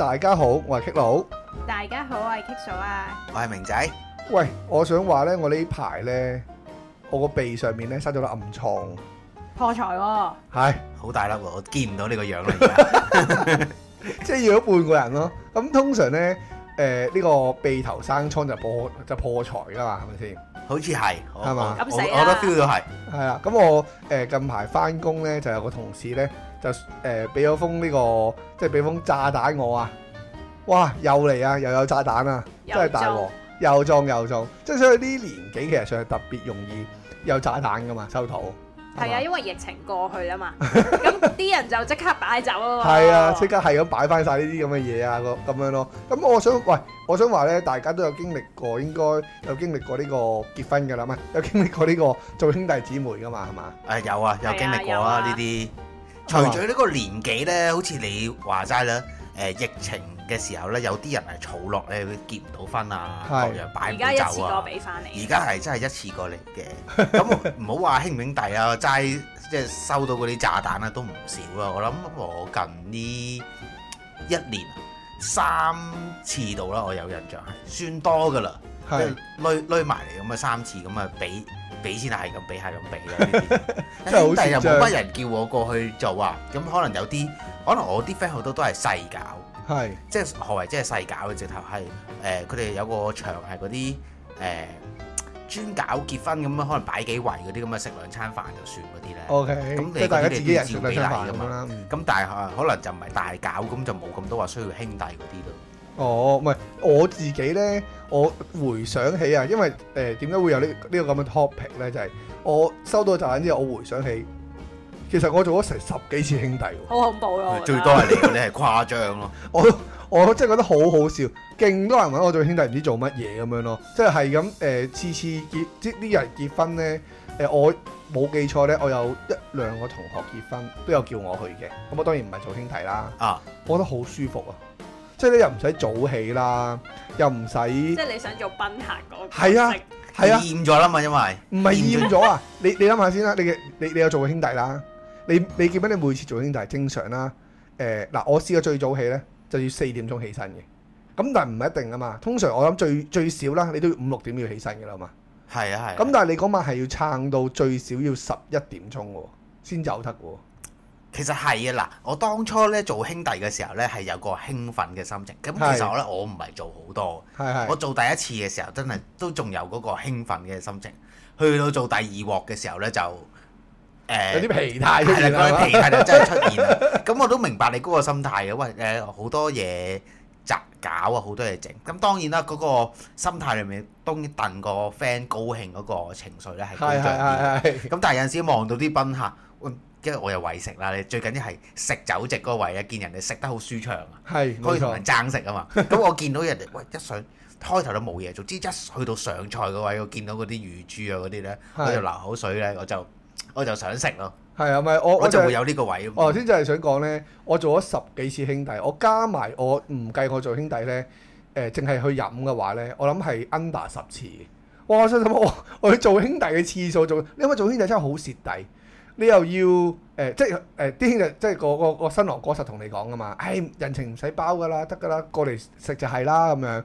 大家好，我係 Kick 佬。大家好，我係 Kick 嫂啊。我係明仔。喂，我想話咧，我呢排咧，我個鼻上面咧生咗粒暗瘡，破財喎。係，好大粒喎，我見唔到呢個樣啦，而家即係要咗半個人咯。咁通常咧，誒呢個鼻頭生瘡就破就破財噶嘛，係咪先？好似係，係嘛？我都 feel 到係，係啦。咁我誒近排返工咧就有個同事咧。就誒俾咗封呢個，即係俾封炸彈我啊！哇，又嚟啊，又有炸彈啊，當真係大鑊，又裝又裝。即係所以呢年紀其實上係特別容易有炸彈噶嘛，收徒。係啊，因為疫情過去啦嘛，咁啲人就即刻擺走。係啊，即刻係咁擺翻晒呢啲咁嘅嘢啊，個咁樣咯。咁我想喂，我想話咧，大家都有經歷過，應該有經歷過呢個結婚噶啦，嘛，有經歷過呢個做兄弟姊妹噶嘛，啊，係嘛？誒有啊，有經歷過啊呢啲。除咗呢個年紀咧，好似你話齋啦。誒、呃、疫情嘅時候咧，有啲人係儲落咧會結唔到婚啊，又是擺唔到酒啊。而家一次過俾翻你。而家係真係一次過嚟嘅，咁唔好話興永大啊，齋即係收到嗰啲炸彈啊都唔少啦、啊。我諗我近呢一年三次度啦，我有印象係算多㗎啦。攞攞埋嚟咁啊，三次咁啊，畀畀先係咁畀下咁畀咯，但係又冇乜人叫我過去做啊。咁可能有啲可能我啲 friend 好多都係細搞，係的即係何為即係細搞嘅，直頭係誒佢哋有個場係嗰啲誒專搞結婚咁啊，可能擺幾圍嗰啲咁啊，食兩餐飯就算嗰啲咧，OK，即係、嗯、大家自己人食兩餐飯啦，咁、嗯嗯、但係可能就唔係大搞，咁就冇咁多話需要兄弟嗰啲咯。哦，唔係、oh，我自己咧，我回想起啊，因為誒點解會有、這個這個、這呢呢個咁嘅 topic 咧？就係、是、我收到集緊之後，我回想起其實我做咗成十幾次兄弟喎，好恐怖咯！ 最多係你你啲係誇張咯， 我我真係覺得好好笑，勁多人揾我做兄弟做，唔知做乜嘢咁樣咯，即係咁誒次次結即啲人結婚咧，誒、呃、我冇記錯咧，我有一兩個同學結婚都有叫我去嘅，咁我當然唔係做兄弟啦，啊，我覺得好舒服啊！所以咧，又唔使早起啦，又唔使。即係你想做賓客嗰個。係啊，係啊，厭咗啦嘛，因為唔係厭咗啊！你你諗下先啦，你嘅你你有做過兄弟啦，你你記得你每次做兄弟正常啦？誒嗱，我試過最早起咧，就要四點鐘起身嘅。咁但係唔一定啊嘛？通常我諗最最少啦，你都要五六點要起身嘅啦嘛。係啊係。咁但係你嗰晚係要撐到最少要十一點鐘喎，先走得喎。其實係啊，嗱，我當初咧做兄弟嘅時候咧，係有個興奮嘅心情。咁其實我咧，我唔係做好多。是是我做第一次嘅時候，真係都仲有嗰個興奮嘅心情。去到做第二鑊嘅時候咧，就誒啲、呃、疲態。係啦，佢疲態就真係出現。咁 我都明白你嗰個心態嘅。喂，誒好多嘢雜搞啊，好多嘢整。咁當然啦，嗰、嗰個心態裡面當然戥個 friend 高興嗰個情緒咧係高漲啲。咁但係有陣時望到啲賓客。因為我又為食啦，最緊要係食酒席嗰位，胃啊，見人哋食得好舒暢啊，可以同人爭食啊嘛。咁 我見到人哋，喂一上開頭都冇嘢，總之一去到上菜嗰位，我見到嗰啲乳豬啊嗰啲咧，是我就流口水咧，我就我就想食咯。係啊，咪我我，就，我就，就會有個位就呢個胃。我先真係想講咧，我做咗十幾次兄弟，我加埋我唔計我做兄弟咧，誒、呃，淨係去飲嘅話咧，我諗係 under 十次。哇！我想係我我去做兄弟嘅次數做，你諗做兄弟真係好蝕底。你又要誒、欸，即係誒啲兄弟就是、即係個個，個新郎哥實同你講噶嘛，誒、哎、人情唔使包噶啦，得噶啦，過嚟食就係啦咁樣。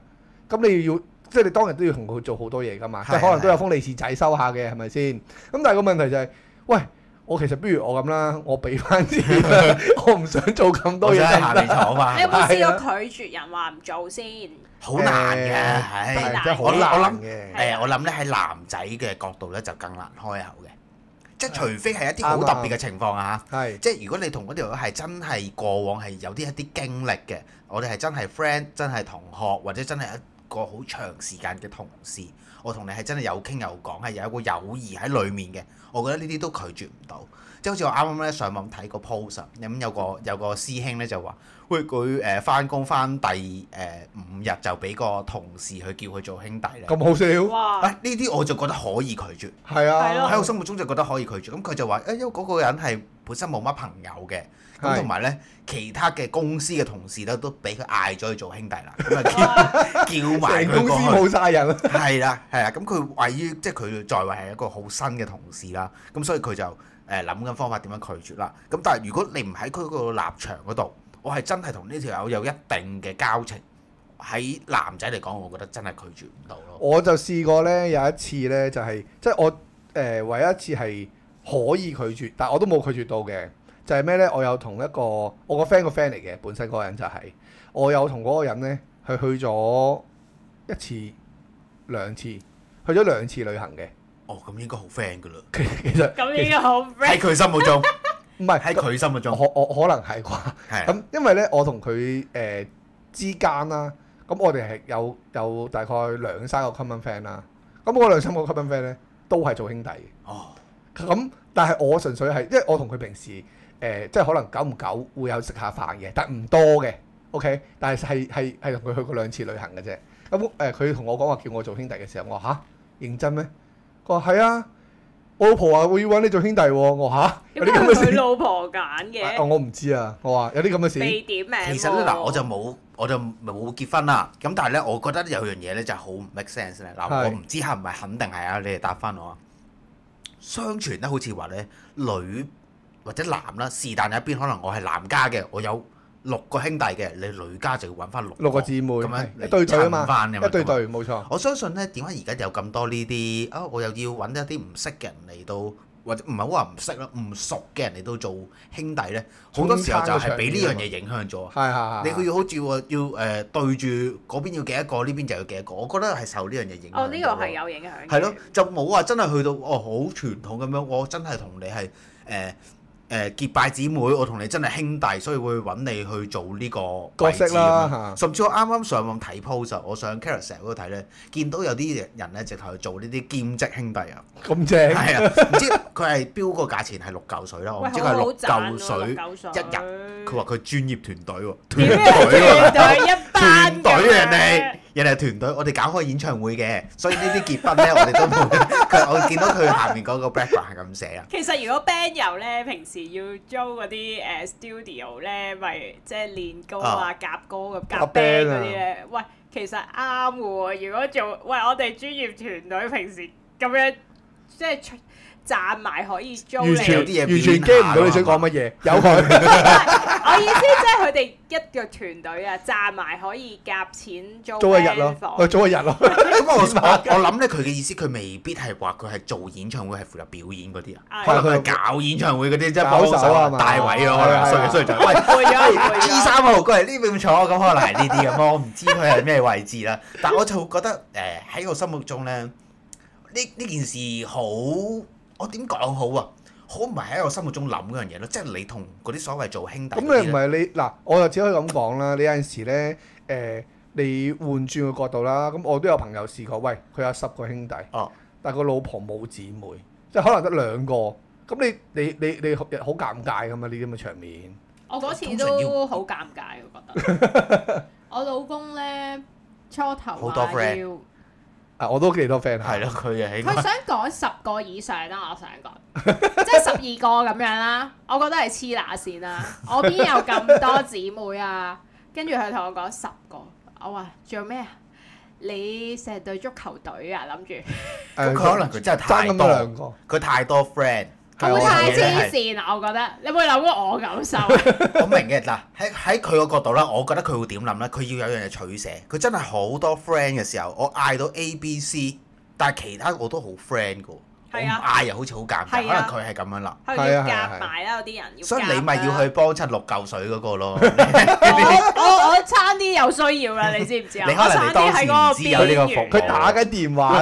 咁你要即係你當日都要同佢做好多嘢噶嘛，即可能都有封利是仔收下嘅，係咪先？咁但係個問題就係、是，喂，我其實不如我咁啦，我俾翻啲， 我唔想做咁多嘢下嚟做嘛。 你有冇試過拒絕人話唔做先？好 難嘅，係真係好難。我諗想誒，我諗咧喺男仔嘅角度咧就更難開口嘅。即除非係一啲好特別嘅情況啊，即係如果你同嗰條友係真係過往係有啲一啲經歷嘅，我哋係真係 friend、真係同學或者真係一個好長時間嘅同事，我同你係真係有傾有講，係有一個友誼喺裡面嘅，我覺得呢啲都拒絕唔到。即好似我啱啱咧上網睇個 post 咁，有個有個師兄咧就話，喂，佢誒返工返第誒五日就俾個同事去叫佢做兄弟咧。咁好笑？哇！呢啲、啊、我就覺得可以拒絕。係啊，喺我心目中就覺得可以拒絕。咁佢就話，誒、啊，因為嗰個人係本身冇乜朋友嘅，咁同埋咧其他嘅公司嘅同事咧都俾佢嗌咗去做兄弟啦。叫埋公司冇晒人。係啦， 係啦。咁佢位於即係佢在位係一個好新嘅同事啦。咁所以佢就。誒諗緊方法點樣拒絕啦？咁但係如果你唔喺佢嗰個立場嗰度，我係真係同呢條友有一定嘅交情。喺男仔嚟講，我覺得真係拒絕唔到咯。我就試過呢，有一次呢，就係即係我誒、呃、唯一一次係可以拒絕，但我都冇拒絕到嘅。就係、是、咩呢？我有同一個我、個 friend 個 friend 嚟嘅，本身嗰個人就係、是、我有同嗰個人呢，佢去咗一次、兩次，去咗兩次旅行嘅。哦，咁應該好 friend 㗎喇。其實，咁應該好 friend 喺佢心目中，唔係喺佢心目中，我，我可能係啩。係 咁、嗯，因為咧，我同佢誒之間啦、啊，咁、嗯、我哋係有有大概兩三個 common friend 啦。咁、嗯、嗰兩三個 common friend 咧，都係做兄弟。哦，咁、嗯、但係我純粹係，因為我同佢平時誒、呃，即係可能久唔久會有食下飯嘅，但唔多嘅。OK，但係係係係同佢去過兩次旅行嘅啫。咁、嗯、誒，佢、呃、同、呃、我講話叫我做兄弟嘅時候，我話嚇、啊、認真咩？我話係啊，我老婆話我要揾你做兄弟，我吓，有啲咁嘅事。老婆揀嘅、哎，我我唔知啊。我話有啲咁嘅事未點名。啊、其實嗱，我就冇我就冇結婚啦。咁但係呢，我覺得有樣嘢呢就好唔 make sense 咧。嗱，我唔知係唔係肯定係啊。你哋答翻我啊。相傳呢，好似話呢，女或者男啦，是但有一邊可能我係男家嘅，我有。六個兄弟嘅，你女家就要揾翻六,六個姊妹咁樣嚟撐翻，樣一對對冇樣錯。我相信咧，點解而家有咁多呢啲啊？我又要揾一啲唔識嘅人嚟到，或者唔係好話唔識啦，唔熟嘅人嚟到做兄弟呢。好多時候就係俾呢樣嘢影響咗。係係係，啊啊、你佢好似要誒、呃、對住嗰邊要幾多個，呢邊就要幾多個。我覺得係受呢樣嘢影響。哦，呢、呢個係有影響。係咯、啊，就冇話真係去到哦好傳統咁樣，我真係同你係誒。呃呃誒結拜姊妹，我同你真係兄弟，所以會揾你去做呢個角色啦。甚至我啱啱上網睇 post，我上 Caris 成日嗰度睇呢，見到有啲人呢直頭去做呢啲兼職兄弟啊。咁正係啊！唔知佢係標個價錢係六嚿水啦，我唔知佢係六嚿水一日。佢話佢專業團隊，團隊、啊、麼團隊、啊、 一班嘅人嚟。人哋團隊，我哋搞開演唱會嘅，所以呢啲結婚咧，我哋都唔佢，我見到佢下面嗰個 background 係咁寫啊。 其實如果 band 遊咧，平時要租嗰啲誒 studio 咧，咪即係練歌啊、啊夾歌咁夾 band 嗰啲咧，喂，其實啱喎。如果做喂，我哋專業團隊平時咁樣即係出。賺埋可以租你啲嘢，完全驚唔到你想講乜嘢？有佢，我意思即係佢哋一個團隊啊，賺埋可以夾錢租租一日咯，租一日咯。咁我我諗咧，佢嘅意思佢未必係話佢係做演唱會係負責表演嗰啲啊，可能佢係搞演唱會嗰啲，即係保守啊大位啊可能，所以所以就喂，G 三號過嚟呢邊坐咁，我嚟呢啲，咁我唔知佢係咩位置啦。但我就覺得誒喺我心目中咧，呢呢件事好。我點講好啊？好唔係喺我心目中諗嗰樣嘢咯，即係你同嗰啲所謂做兄弟。咁你唔係你嗱，我就只可以咁講啦。你有陣時咧，誒、呃，你換轉個角度啦。咁我都有朋友試過，喂，佢有十個兄弟，但係個老婆冇姊妹，即係可能得兩個。咁你你你你好尷尬㗎嘛？呢啲咁嘅場面。我嗰次都好尷尬，我覺得。 我老公咧，初頭話要。啊！我都幾多 friend 係咯，佢 誒樂，佢想講十個以上啦、啊，我想講， 即係十二個咁樣啦、啊，我覺得係黐乸線啦， 我邊有咁多姊妹啊？跟住佢同我講十個，我話做咩啊？你成隊足球隊啊？諗住，佢可能佢真係太多兩個，佢太多 friend。好太黐線啊！我覺得你有冇諗過我感受？好明嘅。嗱，喺喺佢個角度咧，我覺得佢會點諗咧？佢要有樣嘢取捨，佢真係好多 friend 嘅時候，我嗌到 A、B、C，但係其他我都好 friend 噶喎。我嗌又好似好尷尬，可能佢係咁樣啦。要夾埋啦，有啲人要。所以你咪要去幫襯六嚿水嗰個咯。我我差啲有需要啦，你知唔知啊？你可能你當時唔知有呢個服務，佢打緊電話。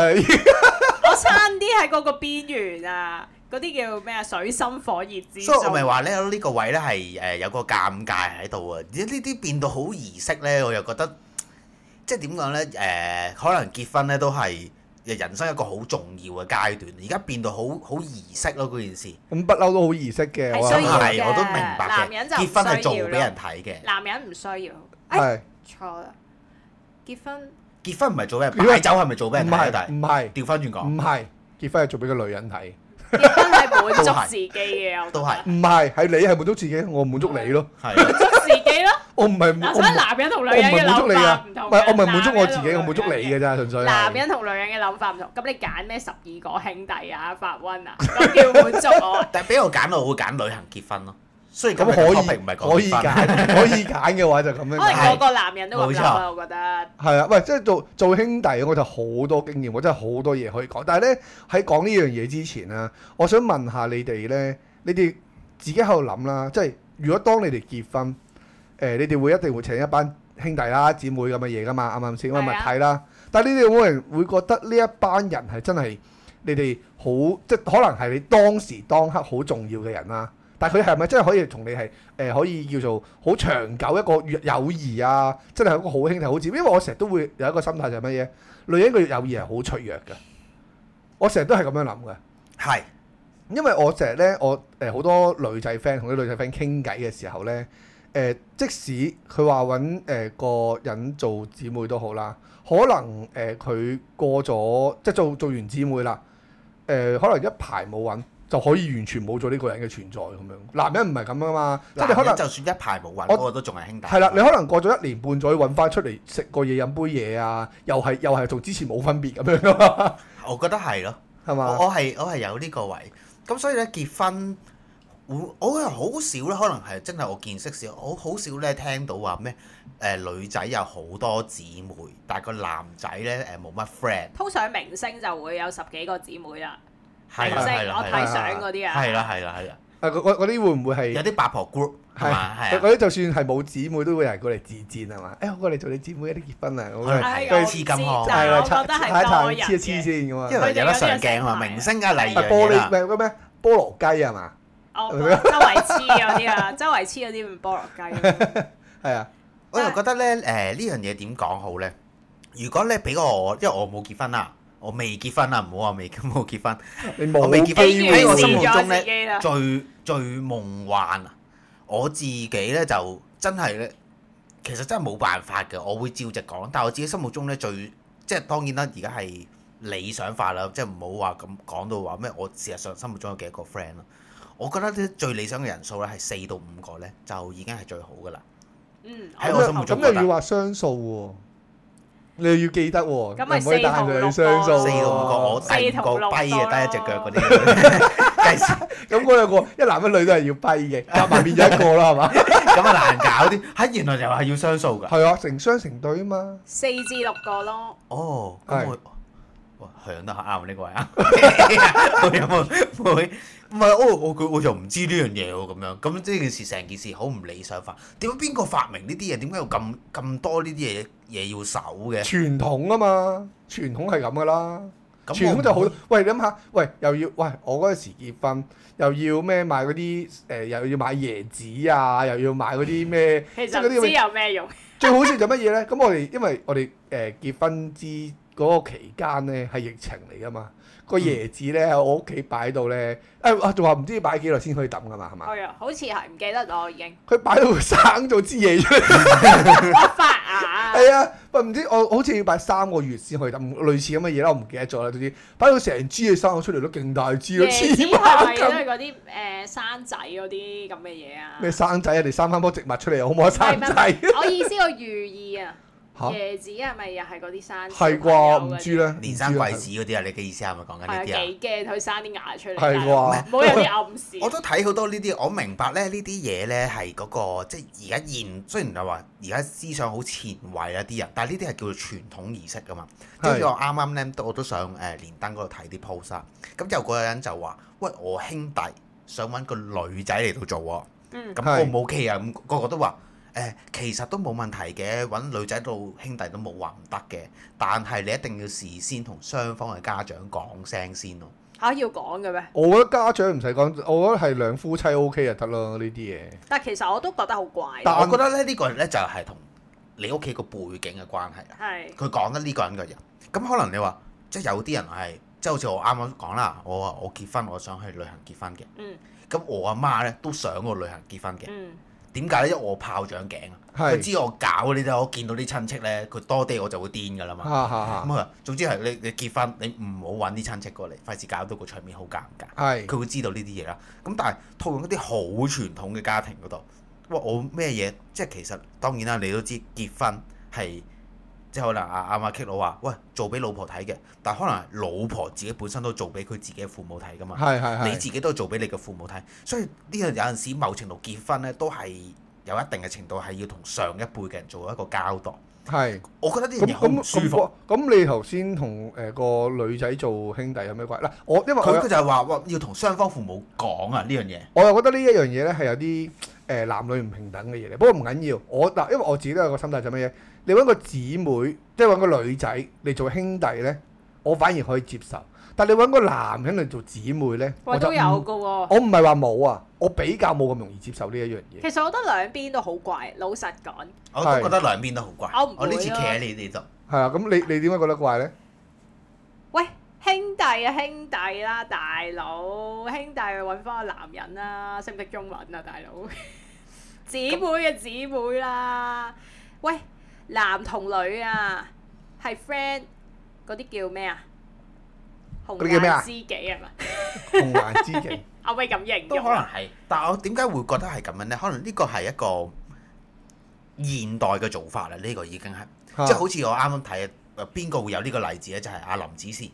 我差啲喺嗰個邊緣啊！嗰啲叫咩啊？水深火熱之，所以我咪話咧，呢個位咧係誒有個尷尬喺度啊！而呢啲變到好儀式咧，我又覺得即係點講咧？誒，可能結婚咧都係人生一個好重要嘅階段，而家變到好好儀式咯，嗰件事。咁不嬲都好儀式嘅，我都係，我都明白嘅。結婚係做俾人睇嘅。男人唔需要。係錯啦。結婚結婚唔係做俾人？擺酒係咪做俾人睇？唔係唔係，調翻轉講，唔係結婚係做俾個女人睇。結婚係滿足自己嘅，都係，唔係，係你係滿足自己，我滿足你咯，滿足自己咯，我唔係，真想男人同女人嘅諗法，唔同，唔係我唔係滿足我自己，我滿足你嘅啫，純粹。男人同女人嘅諗法唔同，咁你揀咩十二個兄弟啊，發瘟啊，咁叫滿足我。 但係俾我揀，我會揀旅行結婚咯。雖然咁 可以，可以揀，可以揀嘅話就咁樣。可能個個男人都咁啊，我覺得。係啊，喂，即係做做兄弟，我就好多經驗，我真係好多嘢可以講。但係咧，喺講呢樣嘢之前啊，我想問下你哋咧，你哋自己喺度諗啦，即係如果當你哋結婚，誒、呃，你哋會一定會請一班兄弟啦、姊妹咁嘅嘢㗎嘛？啱唔啱先？咁咪睇啦。但係你哋有冇人會覺得呢一班人係真係你哋好，即係可能係你當時當刻好重要嘅人啦？但佢係咪真係可以同你係誒、呃、可以叫做好長久一個友誼啊？真係一個好兄弟好姊妹。因為我成日都會有一個心態就係乜嘢？女人嘅友誼係好脆弱嘅，我成日都係咁樣諗嘅。係是，因為我成日咧，我誒好、呃、多女仔 friend 同啲女仔 friend 傾偈嘅時候咧，誒、呃、即使佢話揾誒個人做姊妹都好啦，可能誒佢、呃、過咗即係做做完姊妹啦，誒、呃、可能一排冇揾。就可以完全冇咗呢個人嘅存在咁樣，男人唔係咁啊嘛，人即係你可能就算一排冇搵，我都仲係兄弟。係啦的，你可能過咗一年半載，揾翻出嚟食個嘢飲杯嘢啊，又係又係同之前冇分別咁樣 我覺得係咯，係嘛吧？我係我係有呢個位，咁所以咧結婚，我我好少咧，可能係真係我見識少，我好少咧聽到話咩誒女仔有好多姊妹，但係個男仔咧誒冇乜 friend。通常明星就會有十幾個姊妹啦。係啦，係啦，睇相嗰啲啊！係啦，係啦，係啦！誒，嗰啲會唔會係有啲八婆 group 係嘛？嗰啲就算係冇姊妹都會有人過嚟自薦係嘛？誒，我過嚟做你姊妹一啲結婚啊！黐黐咁，我覺得係就係黐黐先嘅嘛。因為有得上鏡啊嘛，明星啊嚟嘅。咩？菠蘿雞啊。嘛？周圍黐嗰啲啊，周圍黐嗰啲菠蘿雞？係啊，我又覺得咧誒呢樣嘢點講好咧？如果咧俾我，因為我冇結婚啊。我未結婚啊，唔好話未冇結婚。 我未結婚，喺我心目中咧最最，最夢幻啊！我自己咧就真係咧，其實真係冇辦法嘅，我會照直講。但係我自己心目中咧最，即係當然啦，而家係理想化啦，即係唔好話咁講到話咩。我事實上心目中有幾多個 friend 咯？我覺得咧最理想嘅人數咧係四到五個咧，就已經係最好噶啦。嗯，喺我心目中，咁又要話雙數喎。嗯嗯嗯你要記得喎，唔可以帶佢去雙數，四到五個，四個跛嘅，得一隻腳嗰啲。咁嗰兩個，一男一女都係要跛嘅，夾埋變咗一個啦，係嘛？咁啊難搞啲。喺原來就係要雙數㗎，係啊，成雙成對啊嘛。四至六個咯。哦，咁我響得啱呢個呀？有冇會？唔係，我我佢我就唔知呢樣嘢喎，咁樣咁呢件事成、啊、件事好唔理想化。點解邊個發明呢啲嘢？點解有咁咁多呢啲嘢嘢要守嘅？傳統啊嘛，傳統係咁噶啦。傳統就好，喂你諗下，喂又要喂我嗰陣時結婚，又要咩買嗰啲誒，又要買椰子啊，又要買嗰啲咩，即係嗰啲。為有咩用。最好笑就乜嘢咧？咁 我哋因為我哋誒、呃、結婚之，嗰個期間咧係疫情嚟噶嘛？個椰子咧，我屋企擺到咧，誒仲話唔知擺幾耐先可以抌噶嘛？係嘛？係啊， 好似係，唔記得咗已經。佢擺到生咗支嘢出嚟，發芽。係啊，喂，唔知我好似要擺三個月先可以抌，類似咁嘅嘢啦，我唔記得咗啦，總之擺到成支嘢生咗出嚟都勁大支咯，似係啊，即係嗰啲誒生仔嗰啲咁嘅嘢啊。咩生仔啊？你生翻棵植物出嚟啊？好唔好生仔？ 我意思個寓意啊。蛤椰子係咪又係嗰啲生？係啩？唔知咧，連生貴子嗰啲啊？你嘅意思係咪講緊呢啲？幾驚佢生啲牙出嚟？係啩吧？唔好有啲暗示。 我都睇好多呢啲，我明白咧、那個，呢啲嘢咧係嗰個即係而家現，雖然就話而家思想好前衞啊，啲人，但係呢啲係叫做傳統儀式噶嘛。是即係我啱啱咧，我都上誒連登嗰度睇啲 post 咁之後嗰個人就話：喂，我兄弟想揾個女仔嚟到做喎。咁 O 唔 O K 啊？咁個個都話。其實都冇問題嘅，揾女仔做兄弟都冇話唔得嘅。但係你一定要事先同雙方嘅家長講聲先咯。嚇、啊、要講嘅咩？我覺得家長唔使講，我覺得係兩夫妻 O、OK、K 就得咯呢啲嘢。但係其實我都覺得好怪。但係我覺得呢呢個人呢就係同你屋企個背景嘅關係啦。佢講得呢個人嘅人，咁可能你話即係有啲人係即係好似我啱啱講啦，我話我結婚我想去旅行結婚嘅。咁、嗯、我阿媽呢，都想我旅行結婚嘅。嗯點解咧？因為我炮仗頸，佢是知我搞呢啲，我見到啲親戚咧，佢多啲我就會癲噶啦嘛。咁啊，總之係你你結婚，你唔好揾啲親戚過嚟，費事搞到個場面好尷尬。佢是會知道呢啲嘢啦。咁但係套用一啲好傳統嘅家庭嗰度，哇！我咩嘢？即係其實當然啦，你都知結婚係。即係可能啊，阿媽棘魯話：喂，做俾老婆睇嘅，但係可能老婆自己本身都做俾佢自己嘅父母睇噶嘛。係係是你自己都做俾你嘅父母睇，所以呢樣有陣時某程度結婚咧，都係有一定嘅程度係要同上一輩嘅人做一個交代。係是。我覺得呢樣嘢好唔舒服。咁你頭先同誒個女仔做兄弟有咩關係？嗱，我因為佢就係話：要同雙方父母講啊呢樣嘢。這個、我又覺得呢一樣嘢咧係有啲誒、呃、男女唔平等嘅嘢嚟，不過唔緊要。我嗱，因為我自己都有個心態就係乜嘢？你揾個姊妹，即係揾個女仔嚟做兄弟呢，我反而可以接受。但你揾個男人嚟做姊妹呢，我都有嘅喎。我唔係話冇啊，我比較冇咁容易接受呢一樣嘢。其實我覺得兩邊都好怪，老實講。我都覺得兩邊都好怪。我唔，我呢次企喺你呢度。係啊，咁你你點解覺得怪呢？喂，兄弟啊，兄弟啦，大佬，兄弟去揾翻個男人啦，識唔識中文啊，大佬？姊妹啊，姊妹啦，喂。男同女啊，係 friend 嗰啲叫咩啊？叫紅顏知己係咪？紅顏知己，阿威咁認都可能係。但係我點解會覺得係咁樣咧？可能呢個係一個現代嘅做法啦。呢、呢個已經係 即係，好似我啱啱睇誒，邊個會有呢個例子咧？就係、是、阿林子先。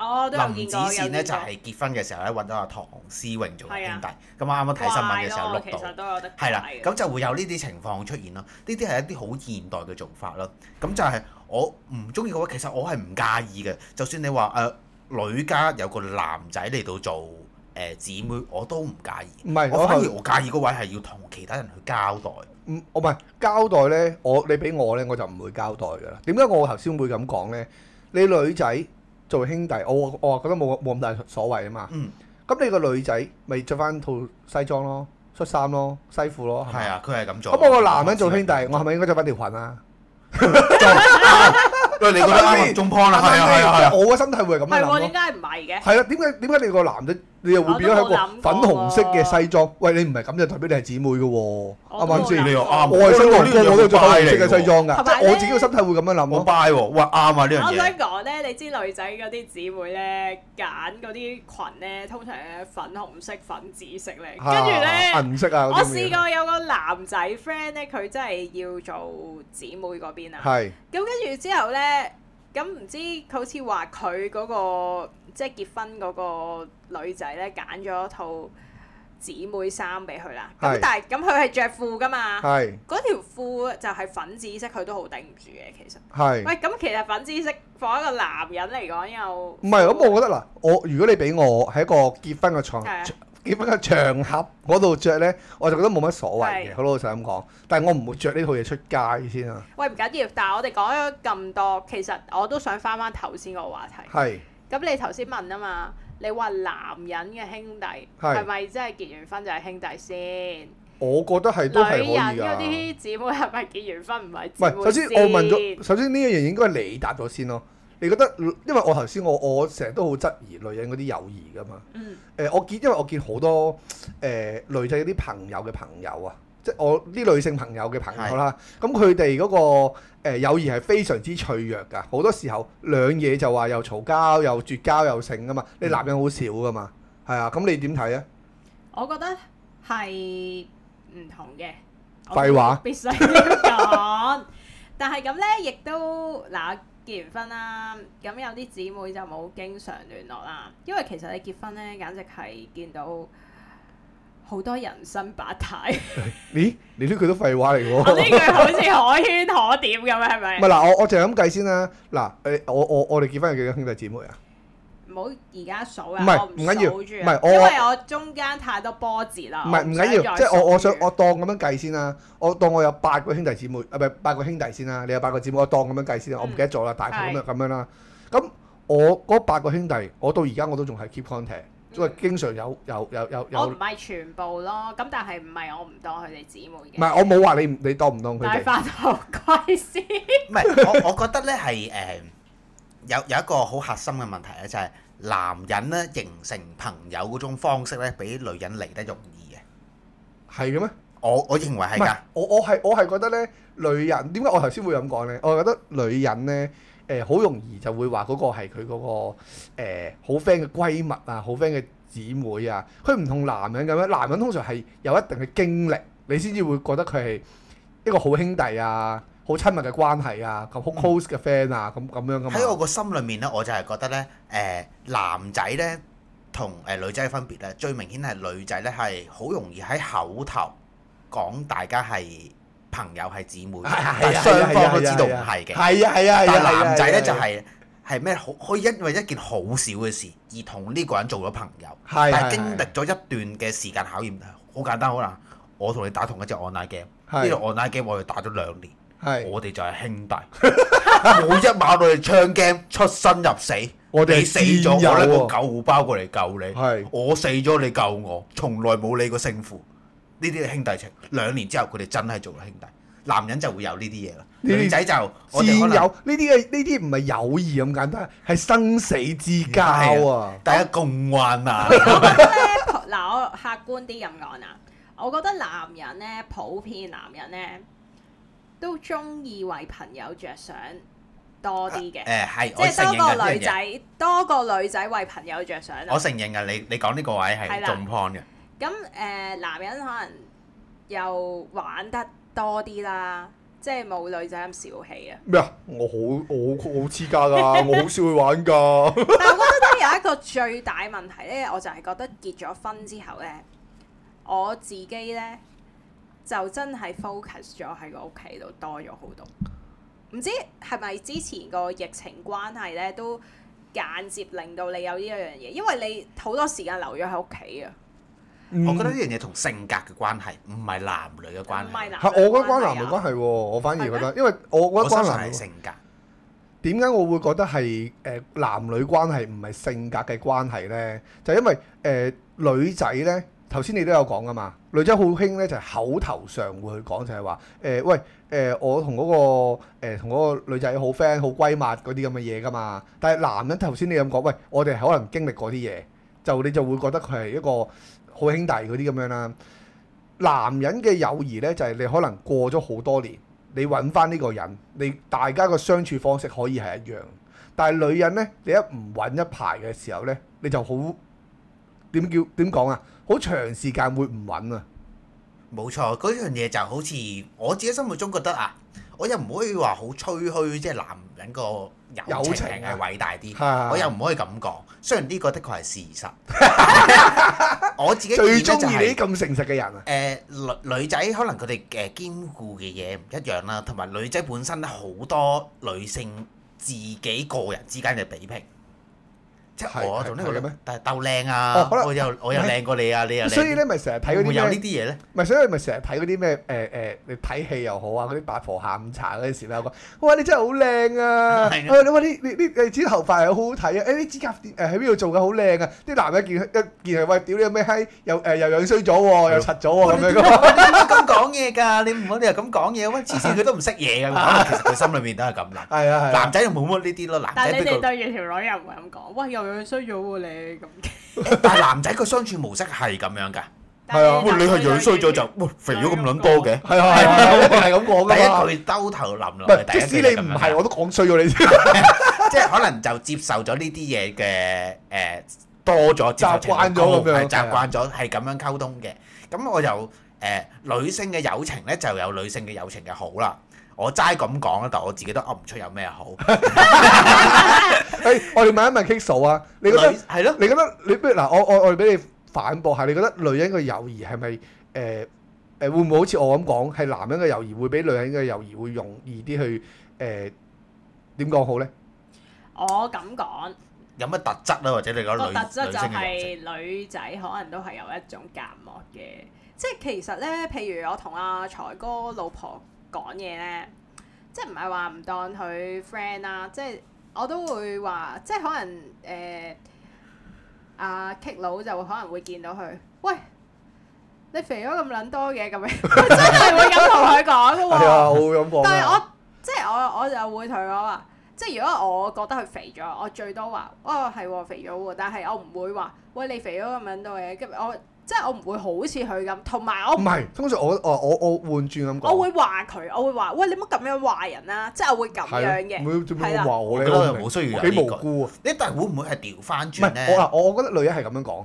哦、林子善咧就係結婚嘅時候咧揾咗阿唐詩詠做兄弟，咁啱啱睇新聞嘅時候錄到，係啦，咁、啊、就會有呢啲情況出現咯。呢啲係一啲好現代嘅做法咯。咁、嗯、就係我唔中意嗰位，其實我係唔介意嘅。就算你話誒、呃、女家有個男仔嚟到做誒姊、呃、妹，我都唔介意。唔係是，我反而我介意嗰位係要同其他人去交代。嗯，我唔係交代咧，我你俾我咧，我就唔會交代㗎啦。點解我頭先會咁講咧？你女仔。做兄弟，我我覺得冇冇咁大所謂啊嘛。嗯，咁、嗯、你個女仔咪着翻套西裝咯，恤衫咯，西褲咯，係啊吧，佢係咁做。咁、嗯、我個男人做兄弟，我係咪應該着翻條裙啊？係你覺得仲破啦，係啊係啊。剛剛吧我個心態會係咁諗。係我點解唔係嘅？係啊，點解點解你個男仔？你又會變咗一個粉紅色嘅西裝，喂，你唔係咁就代表你係姊妹嘅喎，啱唔啱先？你又啱，我係粉紅色，我都做粉紅色嘅西裝噶，我自己嘅心態會咁樣諗。我 buy 喎，我啱啊。呢樣我想講咧，你知女仔嗰啲姊妹咧，揀嗰啲裙咧，通常係粉紅色、粉紫色咧，跟住咧銀色啊。我試過有個男仔 friend 咧，佢真係要做姊妹嗰邊啊，係。咁跟住之後咧，咁唔知佢好似話佢嗰個。即係結婚嗰個女仔咧，揀咗套姊妹衫俾佢啦。咁是但係咁，佢係着褲噶嘛。係嗰是條褲就係粉紫色，佢都好頂唔住嘅。其實係是喂，咁其實粉紫色放一個男人嚟講又唔係。咁我覺得嗱，我如果你俾我喺一個結婚嘅場、啊、結婚嘅場合嗰度着咧，我就覺得冇乜所謂嘅。好是老實咁講，但係我唔會着呢套嘢出街先啦、啊。喂，唔緊要。但係我哋講咗咁多，其實我都想翻翻頭先個話題。係的。咁你頭先問啊嘛？你話男人嘅兄弟係咪真係結完婚就係兄弟先？我覺得係，都女人嗰啲姊妹係咪結完婚唔係？唔係，首先我問咗，首先呢一樣應該係你答咗先咯。你覺得因為我頭先我我成日都好質疑女人嗰啲友誼㗎嘛？嗯。誒、呃，我見因為我見好多誒、呃、女仔嗰啲朋友嘅朋友啊。即我啲女性朋友嘅朋友啦，咁佢哋嗰個誒友誼係非常之脆弱噶，好多時候兩嘢就話又嘈交又絕交又剩噶嘛，你男人好少噶嘛，係啊、嗯，咁你點睇啊？我覺得係唔同嘅廢話，必須講，但係咁咧亦都嗱結完婚啦，咁有啲姊妹就冇經常聯絡啦，因為其實你結婚咧，簡直係見到。好多人生百態，咦、欸？你呢句都廢話嚟嘅喎，呢句好似可圈可點咁啊？係咪？唔係嗱，我我淨係咁計先啦。嗱，我我我哋結婚有幾多兄弟姊妹啊？唔好而家數啊！唔係唔緊要，唔係、啊、因為我中間太多波折啦。唔係唔緊要，即係我、嗯、我想我當咁樣計先啦。我當我有八個兄弟姊妹，唔係八個兄弟先啦、啊。你有八個姊妹，我當咁樣計先啦。我唔記得咗啦，大概咁樣咁樣啦。咁、嗯、我嗰八個兄弟，我到而家我都仲係 keep contact。喂，經常有有有有我唔係全部咯，咁但係唔係我唔當佢哋姊妹。唔係，我冇話你，你當唔當佢哋。唔係飯堂鬼事。唔係，我我覺得咧係誒，有有一個好核心嘅問題咧，就係男人咧形成朋友嗰種方式咧，比女人嚟得容易嘅。係嘅咩？我我認為係㗎。我我係我係覺得咧，女人點解我頭先會咁講咧？我覺得女人咧。誒好、呃、容易就會話嗰個係佢嗰個好 friend 嘅閨蜜啊，好 friend 嘅姊妹啊，佢唔同男人咁樣，男人通常係有一定嘅經歷，你先至會覺得佢係一個好兄弟啊，好親密嘅關係啊，咁 close 嘅 friend 啊，咁咁樣噶嘛。喺我個心裏面呢，我就係覺得呢，誒、呃、男仔呢同誒女仔嘅分別呢，最明顯係女仔呢係好容易喺口頭講大家係朋友係姊妹，但雙方都知道唔係嘅。係啊係啊， 但男仔咧就係係咩？好 可以因為一件好少嘅事而同呢個人做咗朋友。係， 但係經歷咗一段嘅時間考驗，好簡單好啦。我同你打同一隻 online game，呢個 online game 我哋打咗兩年， 我哋就係兄弟。每 一晚我哋唱 game 出生入死， 你死我哋死咗，我攞個救護包過嚟救你。 我死咗你救我，從來冇理過勝負。呢啲嘅兄弟情，兩年之後佢哋真係做咗兄弟。男人就會有呢啲嘢啦，女仔就先有呢啲嘅。呢啲唔係友誼咁簡單，係生死之交啊！大家共患難。嗱，我客觀啲咁講啦，我覺得男人呢，普遍男人呢，都中意為朋友著想多啲嘅。誒係，即係多過女仔，多過女仔為朋友著想。我承認噶，你你講呢個位係重點嘅。咁誒、呃，男人可能又玩得多啲啦，即係冇女仔咁小氣啊！咩啊？我好我好好黐家啦，我好少去玩噶。 但我覺得有一個最大問題咧，我就係覺得結咗婚之後咧，我自己咧就真係 focus 咗喺個屋企度多咗好多。唔知係咪之前個疫情關係咧，都間接令到你有呢一樣嘢，因為你好多時間留咗喺屋企啊。我覺得呢樣嘢同性格嘅關係，唔係男女嘅關係。我覺得關男女關係喎，嗎我反而覺得，因為我覺得關男，性格覺得男女關係。點解我會覺得係誒男女關係唔係性格嘅關係呢？就是、因為誒、呃、女仔呢，頭先你都有講㗎嘛。女仔好興呢，就係口頭上會去講，就係話誒喂誒、呃，我同嗰、嗰個同嗰、呃、女仔好 friend、好閨蜜嗰啲咁嘅嘢噶嘛。但係男人頭先你咁講，喂，我哋可能經歷過啲嘢，就你就會覺得佢係一個。好兄弟嗰啲咁樣啦，男人嘅友誼呢，就係你可能過咗好多年，你揾翻呢個人，你大家嘅相處方式可以係一樣，但係女人呢，你一唔揾一排嘅時候呢，你就好點叫點講啊？好長時間會唔揾啊？冇錯，嗰樣嘢就好似我自己心目中覺得啊。我又唔可以話好吹噓，即係男人個友情係偉大啲，啊、我又唔可以咁講。雖然呢個的確係事實， 我自己、就係、最中意你咁誠實嘅人。誒、呃、女女仔可能佢哋誒兼顧嘅嘢唔一樣啦，同埋女仔本身好多女性自己個人之間嘅比拼。我同你咁咩？但係鬥靚啊！我又我又靚過你啊！你又所以咧，咪成日睇嗰啲有呢啲嘢咧？咪所以咪成日睇嗰啲咩？誒誒，你睇戲又好啊，嗰啲八婆下午茶嗰啲時咧，我講：喂，你真係好靚啊！我話你：喂，你你你誒，啲頭髮係好好睇啊！誒，啲指甲喺邊度做嘅？好靚啊！啲男人見一見係：喂，屌你有咩閪？又誒又樣衰咗喎，又柒咗喎咁樣㗎。你唔好咁講嘢㗎！你唔好你又咁講嘢喂，黐線，佢都唔識嘢㗎。其實佢心裏面都係咁啦。係啊係。男仔又冇乜呢啲咯。但係你對住條女又唔咁�樣衰咗喎你咁，但係男仔個相處模式係咁樣噶，係啊是，你係樣衰咗就，喂，肥咗咁卵多嘅，係啊，係係係，我係咁講噶啦，一佢兜頭淋落，即使是你唔係，我都講衰咗你先， 即係可能就接受咗呢啲嘢嘅，誒、呃，多咗，習慣咗咁樣，習慣咗係咁樣溝通嘅，咁我就，誒、呃，女性嘅友情咧就有女性嘅友情嘅好啦。我齋咁講啦，但係我自己都噏唔出有咩好。誒，我哋問一問 Kissow 啊，你覺得係咯？你覺得你不如嗱，我我我俾你反駁下，你覺得女人嘅友誼係咪誒誒會唔會好似我咁講？係男人嘅友誼會比女人嘅友誼會容易啲去誒點講好咧？我咁講有乜特質咧？或者你覺得女？個特質就係女仔可能都係有一種隔膜嘅，即係其實咧，譬如我同阿財哥老婆。講嘢咧，即係唔係話唔當佢 friend 啦？即係我都會話，即係可能誒、呃，啊 kick 佬就可能會見到佢，喂，你肥咗咁撚多嘅咁樣， 我真係會咁同佢講嘅。但係我即係我我就會同佢講話，即係如果我覺得佢肥咗，我最多話哦係肥咗喎，但係我唔會話喂，你肥咗咁撚多嘅，因為我。即係我唔會好似佢咁，同埋我唔係。通常我我我換轉咁講，我會話佢，我會話喂，你唔好咁樣話人啦。即係我會咁樣嘅，唔會做咩我話我你啦，冇需要嘅，幾無辜。你但會唔會係調翻轉咧？我啊，我覺得女人係咁樣講。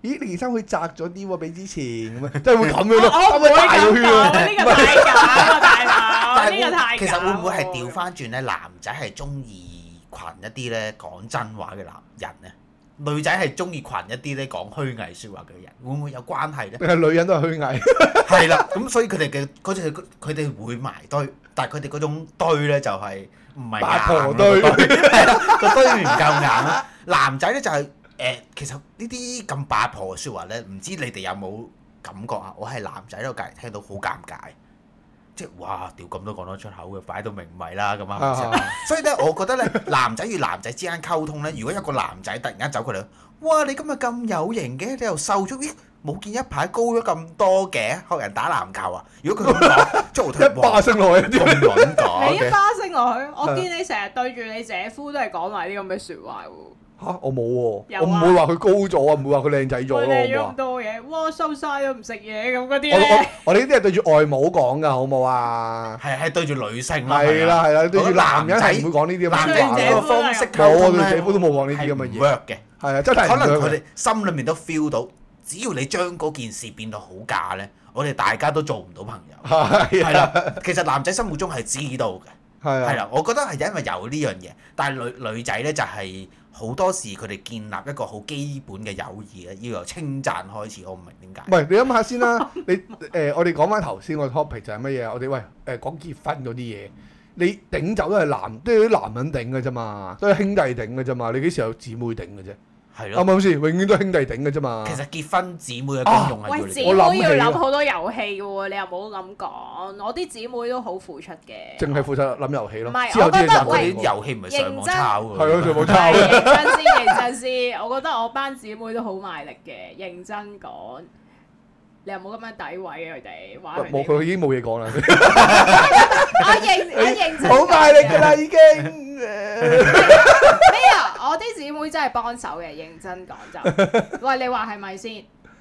咦，你件衫會窄咗啲喎，比之前咁樣，真係會咁樣咯？我唔會呢個太假啊！大佬，呢個太假。其實會唔會係調翻轉咧？男仔係中意群一啲咧講真話嘅男人咧？女仔係中意群一啲咧講虛偽説話嘅人，會唔會有關係咧？女人都係虛偽，係 啦。咁所以佢哋嘅嗰佢哋會埋堆，但係佢哋嗰種堆咧就係唔係八婆堆，係 啦，個堆唔夠硬。 男仔咧就係、是、誒、呃，其實呢啲咁八婆嘅説話咧，唔知你哋有冇感覺啊？我係男仔都喺隔籬，聽到好尷尬。即係哇，屌咁都講得出口嘅，擺到明咪啦咁啊！是是 所以咧，我覺得咧，男仔與男仔之間溝通咧，如果一個男仔突然間走過嚟，哇！你今日咁有型嘅，你又瘦咗，咦？冇見一排高咗咁多嘅，學人打籃球啊！如果佢唔話，一巴聲落去，咁你一巴聲落去，我見你成日對住你姐夫都係講埋啲咁嘅説話喎。嚇！我冇喎，我唔會話佢高咗啊，唔會話佢靚仔咗咯。我話咁多嘢，哇！收晒，都唔食嘢咁啲。我哋呢啲係對住外母講噶，好冇啊？係係對住女性。係啦係啦，對住男人係唔會講呢啲。男仔嘅方式冇啊，對姐夫都冇講呢啲咁嘅嘢。work 嘅係真係可能佢哋心裏面都 feel 到，只要你將嗰件事變到好假咧，我哋大家都做唔到朋友。係啦，其實男仔心目中係知道嘅。係啊。係啦，我覺得係因為有呢樣嘢，但係女女仔咧就係。好多時佢哋建立一個好基本嘅友誼咧，要由稱讚開始，我唔明點解。唔係 你諗下先啦，你、呃、誒我哋講翻頭先個 topic 就係乜嘢？我哋喂誒、呃、講結婚嗰啲嘢，你頂酒都係男，都係啲男人頂嘅啫嘛，都係兄弟頂嘅啫嘛，你幾時有姊妹頂嘅啫？係咯，啱唔啱先？好似永遠都兄弟頂嘅啫嘛。其實結婚姊妹有咩用啊？要你，我諗要諗好多遊戲嘅喎，你又唔好咁講。我啲姊妹都好付出嘅。淨係付出諗遊戲咯。唔係，我覺得為認真。係咯，全部抄。認真，認真。我覺得我班姊妹都好賣力嘅，認真講。你又唔好咁樣詆毀佢哋。冇，佢已經冇嘢講啦。我認認好賣力嘅啦，已經。我啲姊妹真係幫手嘅，認真講就喂，你話係咪先？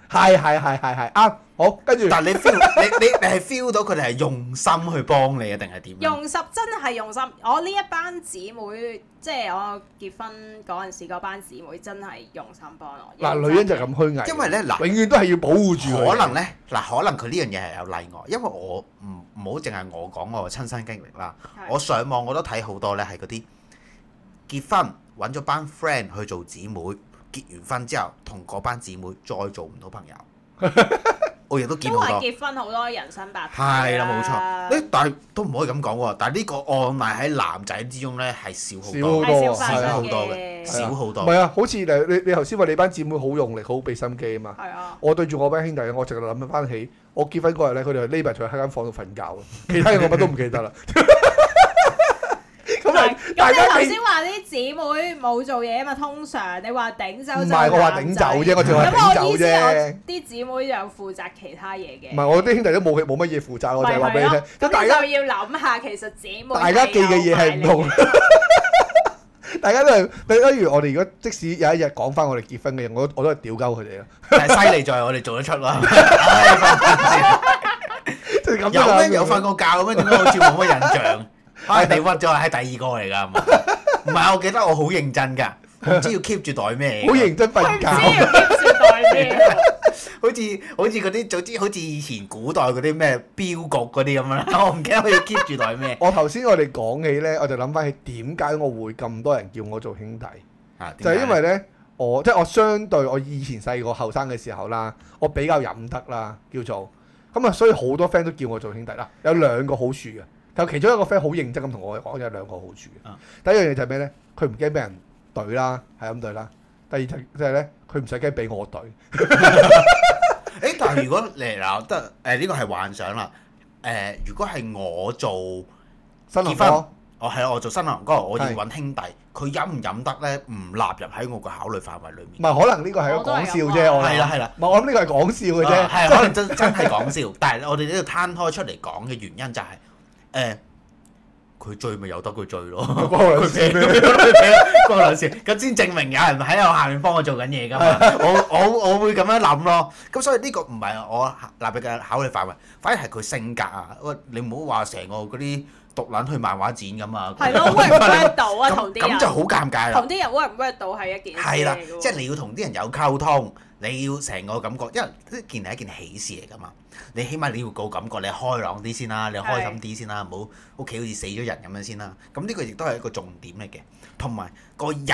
係係係係係啱好跟住，但你 feel 你你你係 feel 到佢哋係用心去幫你啊？定係點？用心真係用心。我呢一班姊妹，即係我結婚嗰陣時嗰班姊妹真係用心幫我嗱。啦心女人就咁虛偽，因為咧嗱，永遠都係要保護住我嘅。可能咧嗱，可能佢呢樣嘢係有例外，因為我唔唔好淨係我講我親身經歷啦。的我上網我都睇好多咧，係嗰啲結婚。揾咗班 friend 去做姊妹，結完婚之後同嗰班姊妹再做唔到朋友， 我亦都見好多。都係結婚好多人生百態，啊。係啦，啊，冇錯。但係都唔可以咁講喎。但係呢個案例喺男仔之中呢係少好多，少好多嘅，少好多。唔係啊，好似、啊啊、你你頭先話你班姊妹好用力，好俾心機啊嘛。啊我對住我班兄弟，我成日諗起翻起我結婚嗰日呢，佢哋係匿埋喺間房度瞓覺，其他嘢我乜都唔記得啦。 咁你頭先話啲姊妹冇做嘢啊嘛？通常你話頂酒就唔係我話頂酒啫，我仲話頂酒啫。啲姊妹又負責其他嘢嘅。唔係我啲兄弟都冇冇乜嘢負責，我就係話俾你聽。咁大家要諗下，其實姊妹大家記嘅嘢係唔同。大家都係，比如我哋如果即使有一日講翻我哋結婚嘅嘢，我我都係屌鳩佢哋啦。但係犀利就係我哋做得出啦。有咩有瞓過覺咁樣？點解好似冇乜印象？係、啊啊、你屈咗，係第二個嚟噶，唔係， 我記得我好認真噶，唔 知要 keep 住袋咩？ 好認真瞓覺，好似好似嗰啲，總之好似以前古代嗰啲咩鏢局嗰啲咁啦。 我唔記得我要 keep 住袋咩？ 我頭先我哋講起咧，我就諗翻起點解我會咁多人叫我做兄弟、啊、就係因為咧，我即係我相對我以前細個後生嘅時候啦，我比較飲得啦，叫做咁啊，所以好多 friend 都叫我做兄弟啦。有兩個好處嘅。就其中一個 friend 好認真咁同我講有兩個好處嘅，第一樣嘢就係咩咧？佢唔驚俾人懟啦，係咁懟啦。第二就即係咧，佢唔使驚俾我懟。誒，但係如果你嗱得誒呢個係幻想啦。誒，如果係我做結婚，哦係我做新郎哥，我要揾兄弟，佢飲唔飲得咧？唔納入喺我個考慮範圍裡面。唔係，可能呢個係個講笑啫。我係啦，係啦。我諗呢個係講笑嘅啫。係可能真真係講笑，但係我哋呢度攤開出嚟講嘅原因就係。誒、佢、欸、醉咪由得佢醉咯，過兩時，過兩時，咁先 證明有人喺我下面幫我做緊嘢噶嘛，我我我會咁樣諗咯，咁所以呢個唔係我納佢嘅考慮範圍，反而係佢性格啊，我你唔好話成個嗰啲。獨撚去漫畫展咁啊！係咯、 嗯，搵唔搵到啊？同啲人咁就好尷尬啦。同啲人搵唔搵到係一件事。係啦，即係你要同啲人有溝通，你要成個感覺，因為呢件係一件喜事嚟噶嘛。你起碼你要個感覺，你開朗啲先啦，你開心啲先啦，唔是好屋企好似死咗人咁樣先啦。咁呢個亦都係一個重點嚟嘅，同埋個人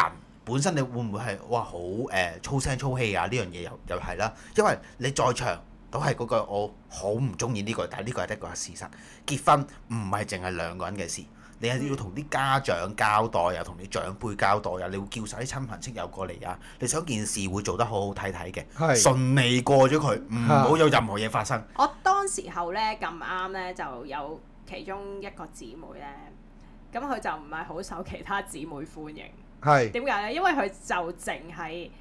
本身你會唔會係哇好誒、呃、粗聲粗氣啊？呢樣嘢又又係啦，因為你在場。都係嗰句，我好唔中意呢個，但呢個係一個事實。結婚唔係淨係兩個人嘅事，你係要同啲家長交代啊，同啲長輩交代啊，你會叫晒啲親朋戚友過嚟啊。你想件事會做得好好睇睇嘅，是順利過咗佢，唔好有任何嘢發生。是我當時候呢，咁啱呢就有其中一個姊妹呢，咁佢就唔係好受其他姊妹歡迎。係點解呢？因為佢就淨係。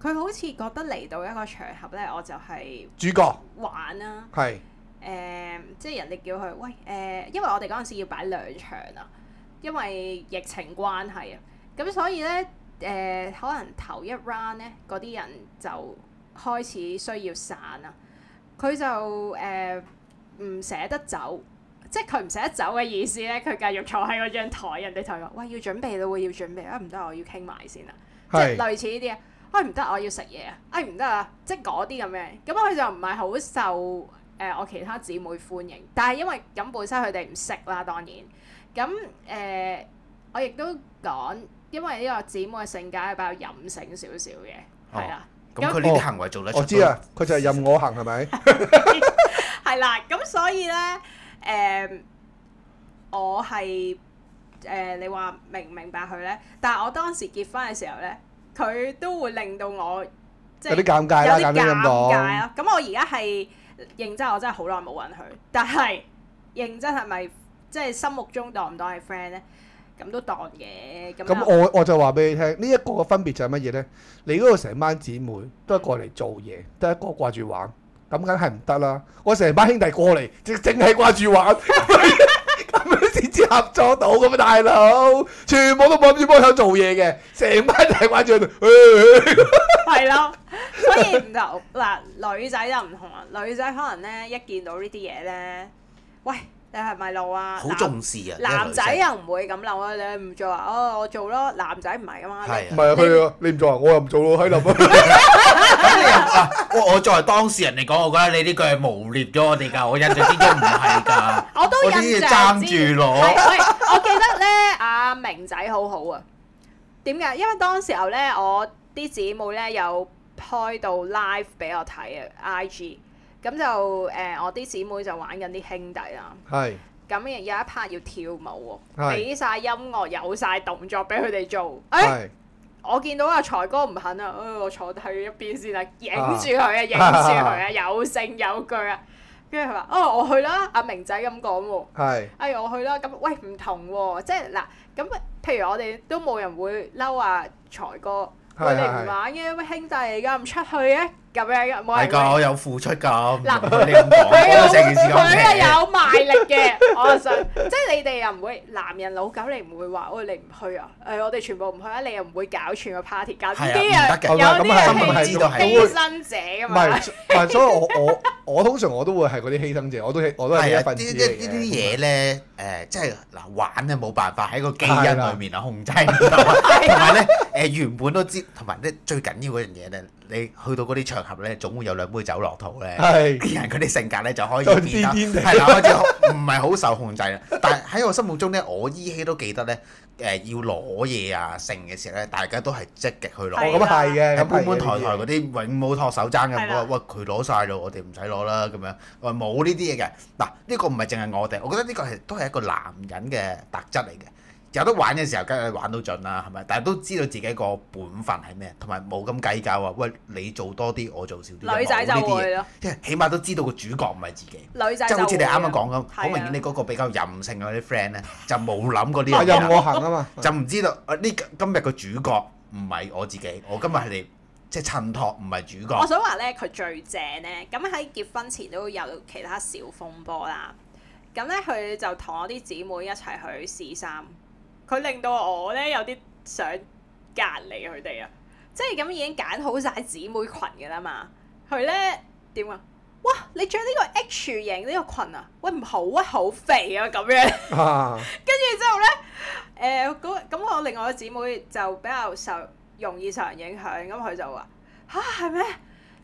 佢好似覺得嚟到一個場合咧，我就係、啊、主角玩啦。係誒、呃，即係人哋叫佢喂誒、呃，因為我哋嗰陣時要擺兩場啊，因為疫情關係啊，咁所以咧誒、呃，可能頭一 round 咧，嗰啲人就開始需要散啦。佢就誒唔捨得走，即係佢唔捨得走嘅意思咧，佢繼續坐喺嗰張台，人哋同佢話：喂，要準備咯，要準備啊，唔得，我要傾埋先啦，是即係類似呢啲啊。哎唔得，我要食嘢啊！哎唔得啦，即係嗰啲咁樣，咁我佢就唔係好受誒我其他姊妹歡迎。但係因為咁本身佢哋唔識啦，當然。咁誒我亦都講，因為呢個姊妹嘅性格係比較任性少少嘅，係啦。咁佢呢啲行為做得出？我知啊，佢就係任我行係咪？係啦，咁所以咧誒，我係誒你話明唔明白佢咧？但係我當時結婚嘅時候咧。佢都會令到我，有啲尷尬咯，有啲尷尬啊！咁我而家係認真，我真係好耐冇搵佢，但係認真係咪即係心目中當唔當係 friend 咧？咁都當嘅。咁我我就話俾你聽，呢一個嘅分別就係乜嘢咧？你嗰個成班姊妹都係過嚟做嘢，都係一個掛住玩，咁梗係唔得啦！我成班兄弟過嚟，淨淨係掛住玩。先至 合作到咁嘅大佬，全部都攬住幫手做嘢嘅，成班大玩住，係、哎、咯、哎哎， 所以唔同嗱，女仔就唔同啊，女仔可能咧一見到呢啲嘢咧，喂。你係咪漏啊？好重視啊！男仔又唔會咁漏啊！你唔做啊？哦，我做咯。男仔唔係噶嘛？唔係啊，佢啊，你唔做啊？我又唔做咯，喺度啊。我我作為當事人嚟講，我覺得你呢句係污蔑咗我哋噶，我印象之中唔係噶。我都我啲嘢爭住攞。喂，我記得咧，阿明仔好好啊。點解？因為當時候咧，我啲姊妹咧有開到 live 俾我睇啊，IG。咁就誒，我啲姊妹就玩緊啲兄弟啦。係是。咁而有一 part 要跳舞喎，俾晒是音樂，有晒動作俾佢哋做。係、哎。是我見到阿財哥唔肯啊、哎，我坐喺一邊先啦，影住佢啊，影住佢啊，有聲有據啊。跟住佢話：哦，我去啦。阿明仔咁講喎。是哎呀，我去啦。咁喂，唔同喎、啊，即係嗱，咁譬如我哋都冇人會嬲啊財哥，喂，你唔玩嘅，喂兄弟，而家唔出去嘅。咁樣嘅冇人，係我有付出㗎。嗱，你咁講，成件事佢係有賣力嘅，我想，即係你哋又唔會，男人老狗，你唔會話，我你唔去啊？誒，我哋全部唔去啊！你又唔會搞全個 party，搞啲有啲有啲係資助犧牲者㗎嘛？係，所以，我我我通常我都會係嗰啲犧牲者，我都我都係一份子。呢啲嘢咧，誒，即係嗱，玩咧冇辦法喺個基因裏面啊控制，同埋咧誒，原本都知，同埋咧最緊要嗰樣嘢咧。你去到嗰啲場合咧，總會有兩杯酒落肚咧。係的，人佢哋性格咧就可以變得，係啦的，就唔係好受控制啦。但喺我心目中咧，我依稀都記得咧，誒、呃、要攞嘢啊，勝嘅時候咧，大家都係積極去攞。咁係嘅，咁搬搬抬抬嗰啲永冇托手踭嘅的。我話喂，佢攞晒咯，這個、我哋唔使攞啦。咁樣我話冇呢啲嘢嘅。嗱，呢個唔係淨係我哋，我覺得呢個係都係一個男人嘅特質嚟嘅。有得玩嘅時候梗係玩到盡啦，係咪？但係都知道自己個本分係咩，同埋冇咁計較啊！喂，你做多啲，我做少啲，女仔就啲嘢咯。即係起碼都知道個主角唔係自己。女仔就，就好似你啱啱講咁，啊、好明顯你嗰個比較任性嗰啲 friend 咧，就冇諗嗰啲人。任我行啊嘛，就唔知道呢、啊、今日個主角唔係我自己，我今日係你，即係襯托，唔係主角。我想話咧，佢最正咧，咁喺結婚前都有其他小風波啦。咁咧，佢就同我啲姊妹一齊去試衫。佢令到我咧有啲想隔離佢哋啊，即係咁已經揀好晒姊妹群嘅啦嘛。佢咧點啊？哇！你着呢個 H 型呢個裙啊，喂，唔好啊，好肥啊咁樣 啊。跟住之後咧，誒，咁我另外個姊妹就比較受容易受人影響，咁佢就話吓？係咩？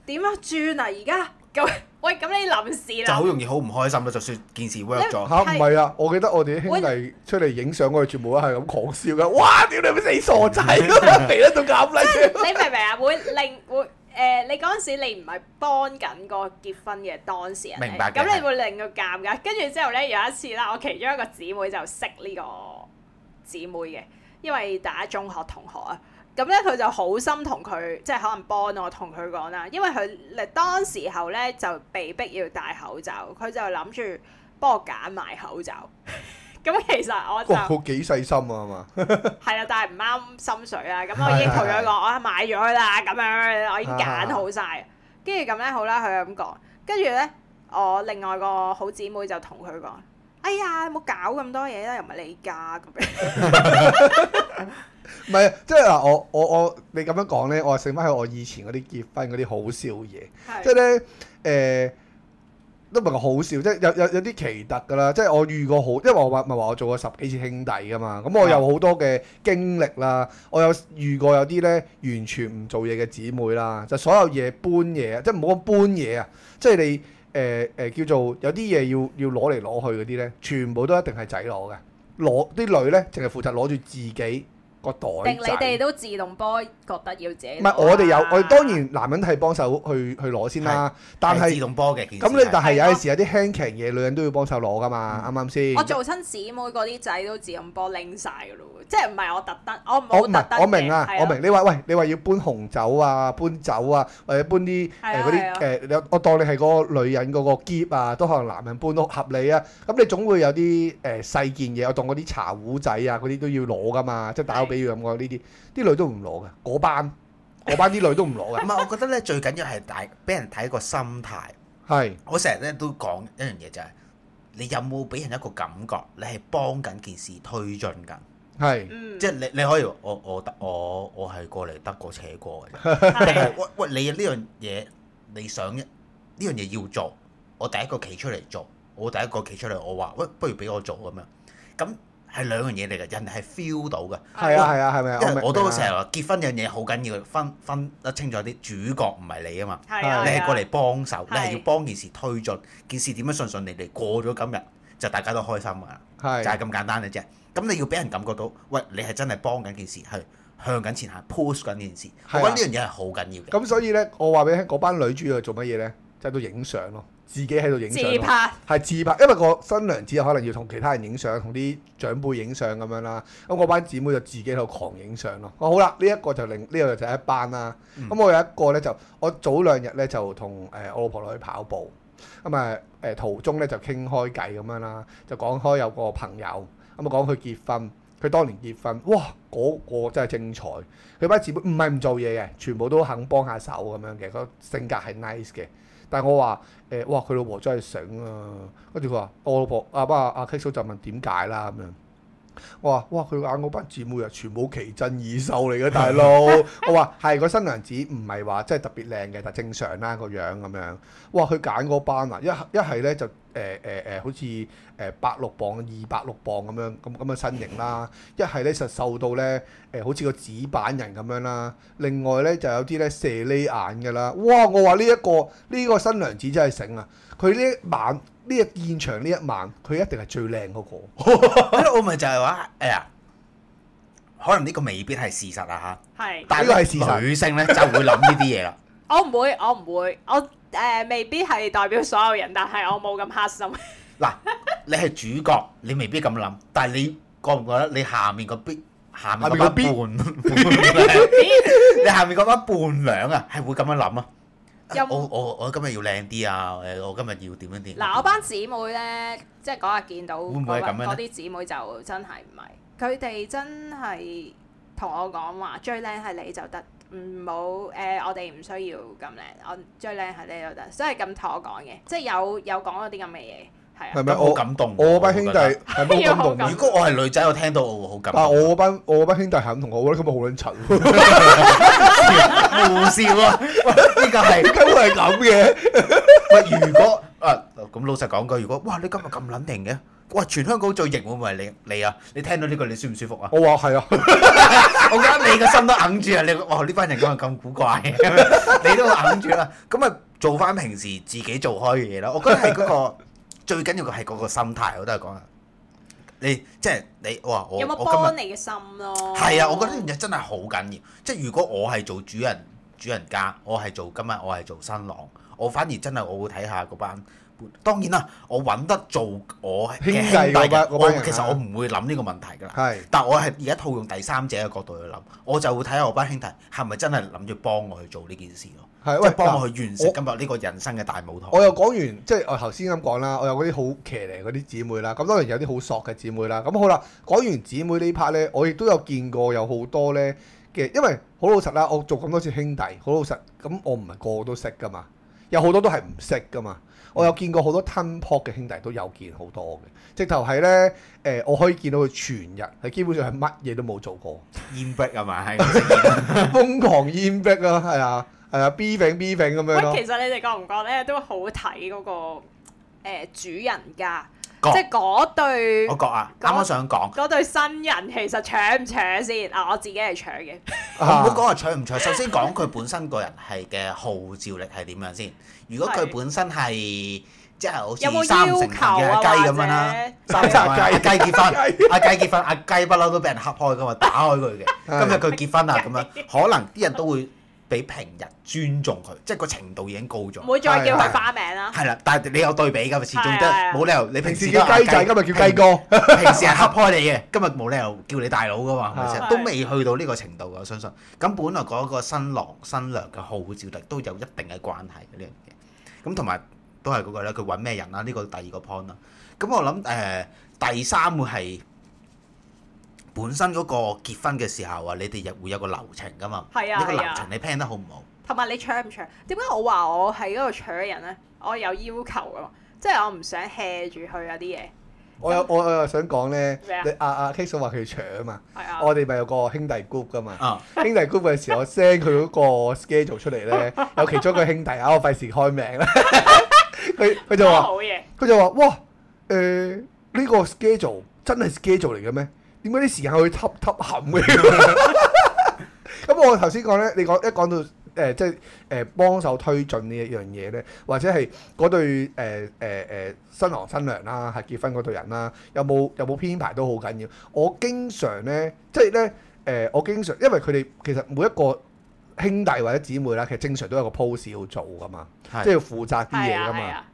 點啊轉啊而家咁。 喂，咁你臨時啦，就好容易好唔開心啦，就算件事 work 咗嚇，唔係啊，啊！我記得我哋啲兄弟出嚟影相，我哋全部都係咁狂笑嘅。哇！屌你俾死傻仔，俾一種尷咁。你明唔明啊？會令會誒、呃，你嗰陣時你唔係幫緊個結婚嘅當事人，明白？咁你會令佢尷尬。跟住之後咧，有一次咧，我其中一個姊妹就識呢個姊妹嘅，因為大家中學同學啊。 咁咧佢就好心同佢，即係可能幫我同佢講啦，因為佢當時候咧就被逼要戴口罩，佢就諗住幫我揀埋口罩。咁 其實我就好幾細心啊嘛，係 啊，但係唔啱心水啊。咁我已經同 佢講，我係買咗啦，咁樣我已經揀好晒。跟住咁咧，好啦，佢咁講，跟住咧我另外個好姊妹就同佢講。哎呀，冇搞咁多嘢啦，又唔係你家咁樣。唔係， 即係嗱，我我我你咁樣講咧，我係剩翻係我以前嗰啲結婚嗰啲好笑嘢。即係咧，誒、呃、都唔係好笑，即係有有有啲奇特噶啦。即係我遇過好，因為我話咪話我做過十幾次兄弟噶嘛。咁我有好多嘅經歷啦。我有遇過有啲咧完全唔做嘢嘅姊妹啦。就所有嘢搬嘢，即係冇咁搬嘢啊！即係你。誒誒、呃呃、叫做有啲嘢要要攞嚟攞去嗰啲咧，全部都一定係仔攞嘅，攞啲女咧淨係負責攞住自己。個袋定，你哋都自動波覺得要自己，唔係我哋有我哋，當然男人係幫手去去攞先啦，但係自動波嘅，咁你但係有時有啲輕型嘢女人都要幫手攞噶嘛，啱啱先？我做親姊妹嗰啲仔都自動波拎晒㗎咯，即係唔係我特登？我唔我明我明啊，我明。你話喂，你話要搬紅酒啊，搬酒啊，或者搬啲誒嗰啲誒，我當你係嗰個女人嗰個篋啊，都可能男人搬都合理啊。咁你總會有啲誒細件嘢，我當嗰啲茶壺仔啊嗰啲都要攞噶嘛，即係打咁呢啲，啲女都唔攞嘅，嗰班嗰班啲女都唔攞嘅。唔係，我覺得咧最緊要係大俾人睇個心態。係是，我成日咧都講一樣嘢就係、是，你有冇俾人一個感覺，你係幫緊件事推進緊？係是，即係你你可以，我我我我係過嚟得過且過嘅。喂喂，你呢樣嘢你想呢樣嘢要做，我第一個企出嚟做，我第一個企出嚟，我話喂，不如俾我做咁樣咁。係兩樣嘢嚟嘅，人係 feel 到嘅。係啊係啊係咪啊？因為我都成日話結婚樣嘢好緊要，分分得清楚啲主角唔係你啊嘛。啊你係過嚟幫手，啊、你係要幫件事推進，件、啊、事點樣順順利利過咗今日，就大家都開心噶啦。啊、就係咁簡單嘅啫。咁你要俾人感覺到，喂，你係真係幫緊件事，係向緊前下 push 緊件事。啊、我覺得呢樣嘢係好緊要嘅。咁、啊、所以呢，我話俾你聽，嗰班女主要做乜嘢呢？就喺度影相咯。自己喺度影相，係自，拍自拍，因為個新娘子可能要同其他人影相，同啲長輩影相咁樣啦。咁我班姊妹就自己喺度狂影相咯。哦，好啦，呢一個就另呢、這個就係一班啦、啊。咁、嗯嗯、我有一個咧就，我早兩日咧就同誒我老婆落去跑步，咁啊誒途中咧就傾開偈咁樣啦，就講開，開有個朋友，咁啊講佢結婚，佢當年結婚，哇嗰、那個真係精彩。佢班姊妹唔係唔做嘢嘅，全部都肯幫下手咁樣嘅，個性格係 nice 嘅。但係我話誒、欸，哇！佢老婆真係醒啊，跟住佢話：我老婆阿爸阿 K 叔就問點解啦咁樣。我話：哇！佢揀嗰班姊妹啊，全部奇珍異獸嚟嘅大佬。 我話係個新娘子唔係話真係特別靚嘅，但正常啦個樣咁樣。哇！佢揀嗰班啊，一係一係咧就。誒誒誒，好似誒百六磅、二百六磅咁樣咁咁嘅身形啦，一係咧就瘦到咧誒，好、呃、似個紙板人咁樣啦。另外咧就有啲咧射喱眼嘅啦。哇！我話呢一個呢、呢個新娘子真係醒啊！佢呢一晚呢、呢個現場呢一晚，佢一定係最靚嗰個。我咪就係話誒啊，可能呢個未必係事實啊嚇。係，但係女性咧就會諗呢啲嘢啦。 我唔會，我唔會，我。誒、呃、未必係代表所有人，但係我冇咁黑心。嗱， 你係主角，你未必咁諗，但係你覺唔覺得你下面個 B，下面個必伴，你下面班伴娘又啊，係會咁樣諗啊？我我我今日要靚啲啊！誒，我今日要點樣啲？嗱，我班姊妹咧，即係嗰日見到嗰啲姊妹就真係唔係，佢哋真係同我講話最靚係你就得。唔好，誒、呃，我哋唔需要咁靚，我最靚係你都得，所以咁同我講嘅，即係有有講咗啲咁嘅嘢，係啊。係咪我，我，我，我感動？我班兄弟係好感動。如果我係女仔，我聽到我會好感。啊，我班我班兄弟係咁同我覺得今日好撚蠢？冇笑啊！呢個係今日係咁嘅。喂，如果啊，咁老實講句，如果哇，你今日咁撚定嘅？哇！全香港最型，會唔會係你你啊？你聽到呢句，你舒唔舒服啊？哦啊 我話係啊，我覺得你個心都硬住啊！你哇呢班人講嘢咁古怪，你都硬住啦。咁啊做返平時自己做開嘅嘢啦。我覺得係嗰個最緊要嘅係嗰個心態，我都係講啦。你即係你哇！有冇幫你嘅心咯？係啊，我覺得呢樣真係好緊要。即係如果我係做主人主人家，我係做今日我係做新郎，我反而真係我會睇下嗰班。當然啦，我揾得做我兄弟嘅，弟我其實我唔會諗呢個問題噶啦。係是，但我係而家套用第三者嘅角度去諗，我就會睇下我班兄弟係咪真係諗住幫我去做呢件事咯，即係是幫我去完成喂今日呢個人生嘅大舞台。我，我又講完，即、就、係、是、我頭先咁講啦。我有嗰啲好騎呢嗰啲姊妹啦，咁當然有啲好索嘅姊妹啦。咁好啦，講完姊妹呢 part 咧，我亦都有見過有好多咧嘅，因為好老實啦，我做咁多次兄弟，好老實咁，我唔係個個都識噶嘛，有好多都係唔識噶嘛。我有見過好多吞 u 嘅兄弟都有，見好多嘅，直頭係咧誒，我可以見到佢全日係基本上係乜嘢都冇做過，煙逼係咪？Break, 是是 瘋狂煙逼咯，係啊，係啊，B wing B wing 咁樣咯。其實你哋覺唔覺咧都好睇嗰、那個、呃、主人家，說即係嗰對，我覺啊，啱啱說想講嗰對新人其實搶唔搶先啊？我自己係搶嘅，唔好講話搶唔搶。首先講佢本身個人係嘅號召力係點樣先。如果佢本身係即係好似三成嘅雞咁樣啦，三隻雞雞結婚，阿雞結婚，阿雞不嬲都俾人恰開噶嘛，打開佢嘅。今日佢結婚啦咁樣，可能啲人都會比平日尊重佢，即係個程度已經高咗。唔會再叫佢花名啦。係啦，但係你有對比噶嘛？始終都冇理由，你平時叫雞仔，今日叫雞哥。平時係恰開你嘅，今日冇理由叫你大佬噶嘛？係咪先？都未去到呢個程度，我相信。咁本來嗰個新郎新娘嘅號召力都有一定嘅關係嘅呢樣嘢。咁同埋都係嗰句咧，佢揾咩人啦？呢個第二個 point 啦。咁、嗯、我諗誒、呃、第三會係本身嗰個結婚嘅時候啊，你哋入會有個流程噶嘛？係啊係啊。呢個流程你 plan 得好唔好？同埋、啊啊、你搶唔搶？點解我話我係嗰個搶人呢？我有要求噶嘛？即係我唔想 hea 住佢嗰啲嘢。我有我又想講咧，你阿阿 Kason 話佢搶嘛，哎、呀我哋咪有個兄弟 group 噶嘛。啊、兄弟 group 嘅時候我 send 佢嗰個 schedule 出嚟咧， 有其中一個兄弟 啊，我費事開名啦，佢佢就話，好嘢，佢就話，哇，誒、呃、呢、這個 schedule 真係 schedule 嚟嘅咩？點解啲時間會突突冚嘅？咁 我頭先講咧，你講一講到。誒、呃、即係誒、呃、幫手推進呢一樣嘢咧，或者係嗰對誒誒、呃呃、新郎新娘啦、啊，係結婚嗰對人啦、啊，有冇有冇編排都好緊要。我經常咧，即係咧誒，我經常因為佢哋其實每一個兄弟或者姊妹啦，其實正常都有個 pose 要做㗎嘛，即係、啊、要負責啲嘢㗎嘛。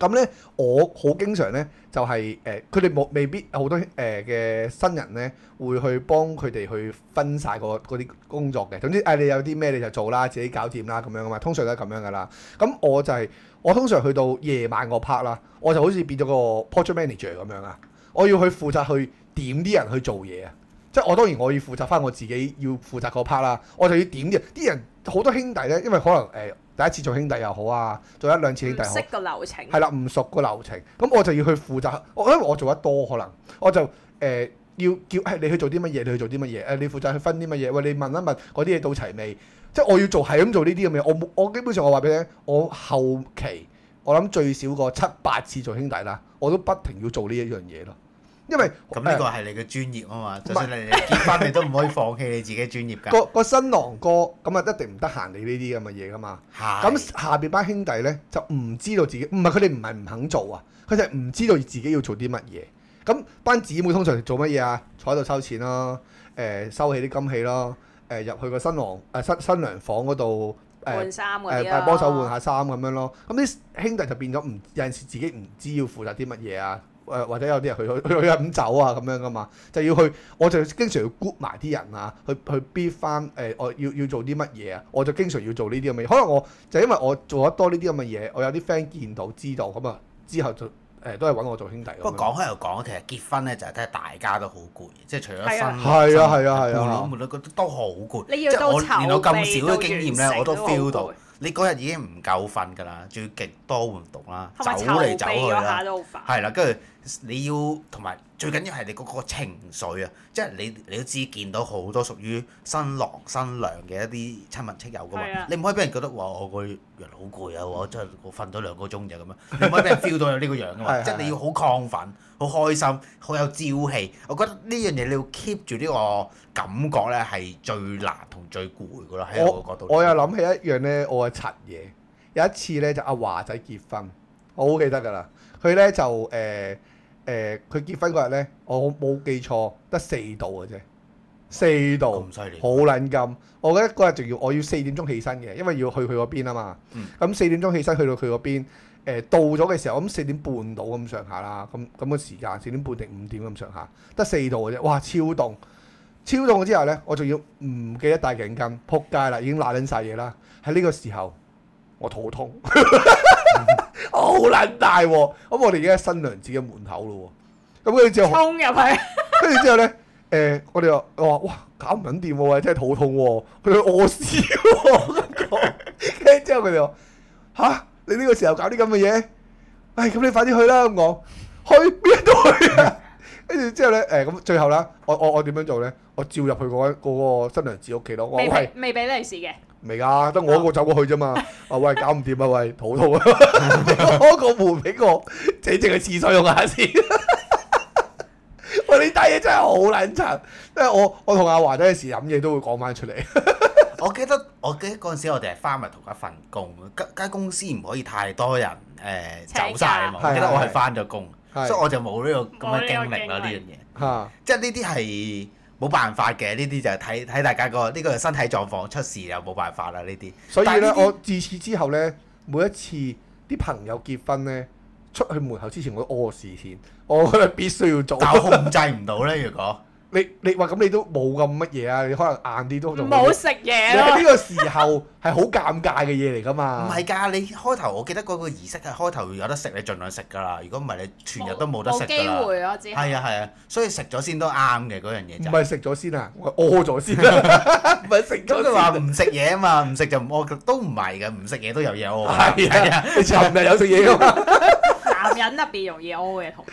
咁咧，我好經常咧，就係、是、誒，佢哋冇未必好多誒嘅、呃、新人咧，會去幫佢哋去分晒嗰啲工作嘅。總之誒、哎，你有啲咩你就做啦，自己搞掂啦，咁樣啊嘛，通常都係咁樣噶啦。咁、嗯、我就係、是，我通常去到夜晚個 part 啦，我就好似變咗個 project manager 咁樣啊，我要去負責去點啲人去做嘢啊。即、就、係、是、我當然我要負責翻我自己要負責個 part 啦，我就要點啲啲人。好多兄弟咧，因為可能誒、呃、第一次做兄弟又好啊，做一兩次兄弟唔識個流程係啦，唔熟個流程咁我就要去負責。我因為我做得多，可能我就誒、呃、要叫誒你去做啲乜嘢，你去做啲乜嘢誒？你負責去分啲乜嘢？喂、哎，你問一問嗰啲嘢到齊未？即係我要做係咁做呢啲嘅。我我基本上我話俾你聽，我後期我諗最少過七八次做兄弟啦，我都不停要做呢一樣嘢咯。因為咁呢個係你嘅專業啊嘛，呃、即算你結婚 你都唔可以放棄你自己專業㗎。 個新郎哥咁啊一定唔得閒理呢啲咁嘅嘢㗎嘛。咁是下邊班兄弟咧就唔知道自己，唔係佢哋唔係唔肯做啊，佢哋就唔知道自己要做啲乜嘢。咁班姊妹通常做乜嘢啊？坐喺度收錢咯，誒、呃、收起啲金器咯，誒、呃、入去個新郎誒、呃、新新娘房嗰度誒換衫嗰、啊呃、幫手換下衫咁樣咯。咁啲兄弟就變咗唔有陣時自己唔知要負責啲乜嘢啊。或者有啲人佢去去飲酒啊咁樣㗎嘛，就要去，我就經常要 group 埋啲人啊，去去 build 翻誒，我要要做啲乜嘢啊，我就經常要做呢啲咁嘅嘢。可能我就因為我做得多呢啲咁嘅嘢，我有啲 friend 見到知道咁啊，之後就誒、欸、都係搵我做兄弟。不過講開又講，其實結婚咧就係、是、睇大家都好攰，即、就、係、是、除咗身，係啊係啊係啊，冇冇冇都都好攰。你要籌備多啲經驗咧，我都 feel 到。你嗰日已經唔夠瞓㗎啦，仲要極多活動啦，走嚟走走去啦，係啦、啊，跟住。你要同埋最緊要係你嗰個情緒啊！即係你你都知見到好多屬於新郎新娘嘅一啲親密戚友噶嘛，的你唔可以俾人覺得話我個人好攰啊！我真係我瞓咗兩個鐘就咁樣，你唔可以俾人 feel 到有呢個樣噶嘛！ 即係你要好亢奮、好開心、好有朝氣。我覺得呢樣嘢你要 keep 住呢個感覺咧，係最難同最攰噶啦，喺我個角度我。我又諗起一樣咧，我嘅柒嘢有一次咧就是、阿華仔結婚，我好記得噶啦，佢咧就誒。呃誒，佢、呃、結婚嗰日咧，我冇記錯，得四度嘅啫，四度，咁犀利，好捻咁。我嗰日仲要，我要四點鐘起身嘅，因為要去佢嗰邊啊嘛。咁、嗯、四點鐘起身去到佢嗰邊，誒、呃、到咗嘅時候，咁四點半到咁上下啦，咁咁嘅時間，四點半定五點咁上下，得四度嘅啫，哇超凍，超凍嘅之後咧，我仲要唔記得帶頸巾，扑街啦，已經瀨捻晒嘢啦，喺呢個時候。我肚痛，好 卵、嗯、大喎、啊！咁、嗯、我哋而家喺新娘子嘅門口咯，咁跟住之後，衝入去。跟住之後咧，誒、呃，我哋話，我話，哇，搞唔緊掂喎，真係肚痛喎，佢去屙屎喎。跟 住之後佢哋話：嚇、啊，你呢個時候搞啲咁嘅嘢，唉、哎，咁、嗯嗯、你快啲去啦！咁、嗯、講，去邊都去啊！跟、嗯、住、嗯、之後咧，誒、嗯，咁最後啦，我我我點樣做咧？我照入去嗰、那、嗰、個那個新娘子屋企咯。未未俾利是嘅。未噶，得我一個走過去啫嘛。啊喂，搞唔掂啊喂，肚痛啊，開個門俾我，整隻嘅廁所用下先。喂，呢單嘢真係好撚慘，即係我我同阿華仔有時飲嘢都會講翻出嚟。我記得我記得嗰陣時我哋係翻埋同一份工，間間公司唔可以太多人誒走晒啊嘛。記得我係翻咗工，所以我就冇呢個咁嘅經歷啦。呢樣嘢，即係呢啲係。冇辦法嘅，呢啲就係睇睇大家個呢個身體狀況出事又冇辦法啦，呢啲。所以咧，這我自此之後呢，每一次啲朋友結婚呢，出去門口之前，我屙屎先，我覺得必須要做。但控制唔到呢， 如果。你你話咁你都冇咁乜嘢啊？你可能硬啲都仲冇食嘢咯。呢個時候係好尷尬嘅嘢嚟㗎嘛。唔係㗎，你開頭我記得嗰個儀式係開頭有得食，你儘量食㗎啦。如果唔係你全日都冇得食㗎啦。機會我、啊、知。係啊係啊，所以食咗、就是、先都啱嘅嗰樣嘢。唔係食咗先啊，我餓咗先啦。唔係食咗。就佢話唔食嘢啊嘛，唔食就唔餓，都唔係㗎，唔食嘢都有嘢餓。係啊，你尋日有食嘢㗎嘛。 男人特別容易 O 嘅，同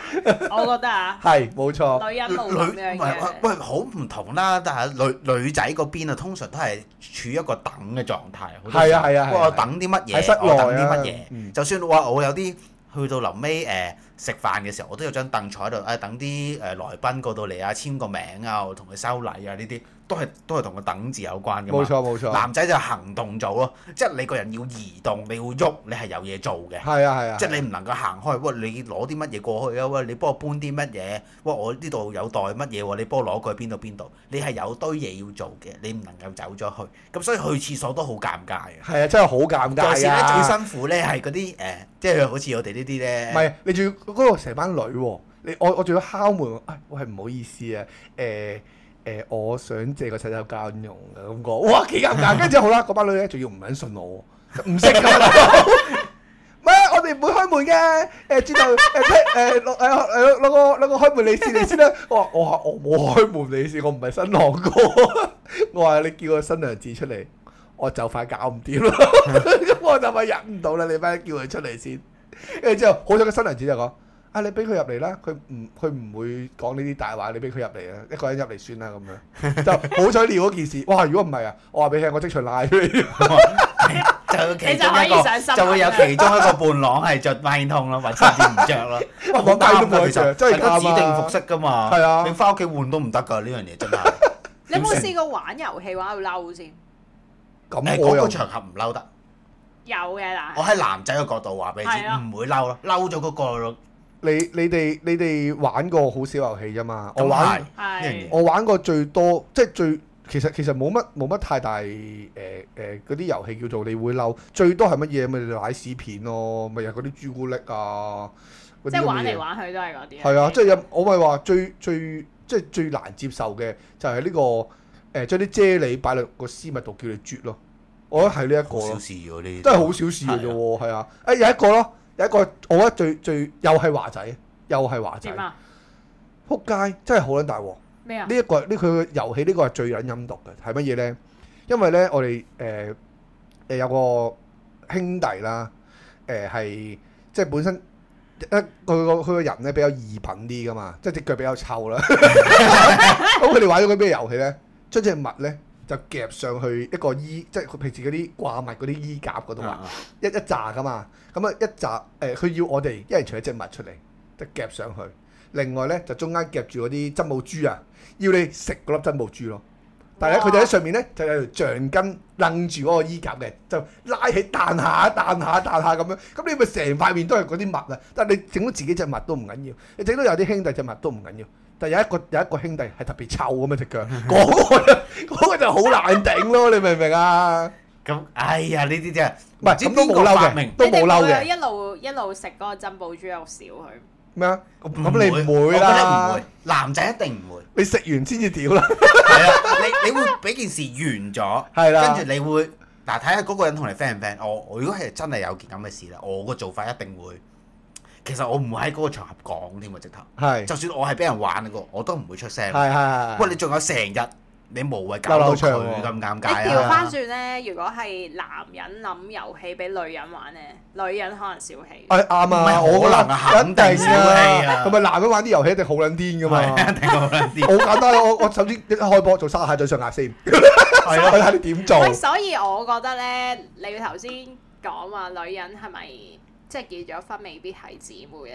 我覺得啊，係冇錯。女人冇女唔係喂，好唔同啦。但係女女仔嗰邊啊，通常都係處一個等嘅狀態。係啊係啊。不過等啲乜嘢？等啲乜嘢？就算話我有啲去到臨尾誒食飯嘅時候，我都有張凳坐喺度，誒等啲誒來賓過到嚟啊，簽個名啊，我同佢收禮啊呢啲。都係都係同個等字有關嘅嘛。冇錯冇錯。錯男仔就行動做咯，即係你個人要移動，你要喐，你係有嘢做嘅。係啊係啊。啊即係你唔能夠行開，喂！你攞啲乜嘢過去啊？喂！你幫我搬啲乜嘢？喂！我呢度有袋乜嘢你幫我攞過去邊度邊度？你係有堆嘢要做嘅，你唔能夠走咗去。咁所以去廁所都好尷尬嘅。係啊，真係好尷尬但啊！最辛苦咧係嗰啲誒，即係好似我哋呢啲咧。唔係，你仲要嗰個成班女喎、哦？你我我仲要敲門喎。哎，我係唔好意思啊。誒、呃。誒、呃，我想借個洗手間用嘅，咁講，哇，幾尷尬！跟住好啦，嗰班女咧，仲要唔肯信我，唔識噶嘛，咩、 嗯？我哋唔會開門嘅。誒、呃，轉頭誒，誒、呃，攞誒，攞、呃、個攞個開門利是嚟先啦。我話我話我冇開門利是，我唔係新郎哥。 我話你叫個新娘子出嚟，我就快搞唔掂啦， 我就快忍唔到啦。你班叫佢出嚟先，跟住之後，好彩個新娘子就講。你俾佢入嚟啦，佢唔佢唔會講呢啲大話。你俾佢入嚟啊，一個人入嚟算啦咁樣，就好彩撩嗰件事。哇！如果唔係啊，我話俾你聽，我即場嗌佢。就其中一個就會有其中一個伴郎係着孖煙通咯，或者唔着咯。哇！我戴都唔着，即係指定服飾噶嘛。係啊，你返屋企換都唔得噶呢樣嘢，真係。你有冇試過玩遊戲玩到嬲先？咁嗰個場合唔嬲得。有嘅嗱，我喺男仔嘅角度話俾你知，唔會嬲咯，嬲咗嗰個。你你哋你哋玩過好少遊戲啫嘛，我玩，我玩過最多即係最其實其實冇乜冇乜太大誒誒嗰啲遊戲叫做你會嬲最多係乜嘢咪奶屎片咯，咪有嗰啲朱古力啊，即係玩嚟玩去都係嗰啲。係啊，即係我咪話最最即係最難接受嘅就係呢個誒將啲啫喱擺落個絲襪度叫你啜咯，我覺得係呢一個。小事啲，真係好小事嘅喎，係啊，誒有一個咯。有一個，我覺得最最又係華仔，又係華仔，仆街真係好撚大鑊。咩啊？や遊戲呢一個呢，佢嘅遊戲呢個係最撚陰毒嘅，係乜嘢咧？因為咧我哋誒誒有個兄弟啦，誒係即係本身，佢個佢個人咧比較異品啲噶嘛，即係隻腳比較臭啦。 咁佢哋玩咗個咩遊戲咧？將隻物咧？就夾上去一個衣，即係佢平時自己啲掛襪嗰啲衣夾嗰度啊，一一扎噶嘛。咁啊一扎，誒、呃，佢要我哋一人除一隻襪出嚟，即係夾上去。另外咧就中間夾住嗰啲珍寶珠啊，要你食嗰粒珍寶珠咯。但係咧佢就喺上面咧就有條橡筋掕住嗰個衣夾嘅，就拉起彈下彈下彈下咁樣。咁你咪成塊面都係嗰啲襪啊。但係你整到自己隻襪都唔緊要，你整到有啲兄弟隻襪都唔緊要。但有一個有一個兄弟係特別臭咁嘅隻腳，嗰個嗰個就好難頂咯，你明唔明啊？咁哎呀，呢啲啫，唔係邊個發明？都冇嬲嘅。一路一路食嗰個珍寶豬肉少佢咩啊？咁你唔會啦，男仔一定唔會。你食完先至屌啦，係啦。你你會俾件事完咗，係啦。跟住你會嗱睇下嗰個人同你 friend 唔 friend？我如果係真係有件咁嘅事咧，我個做法一定會。其實我唔會喺嗰個場合講添嘅直頭，係是就算我係俾人玩個，我都唔會出聲。係係係。喂，你仲有成日你無謂搞到佢咁尷尬、啊。你調翻轉咧，如果係男人諗遊戲俾女人玩咧，女人可能小氣對。啱啊對！我好難啊，肯定小氣啦，啊，同埋男人玩啲遊戲一定好撚癲㗎嘛。好簡單，我我首先一開波做沙下嘴上壓先，係咯，睇你點做。所以我覺得咧，你頭先講話女人係咪？即係結咗婚未必係姊妹嘅。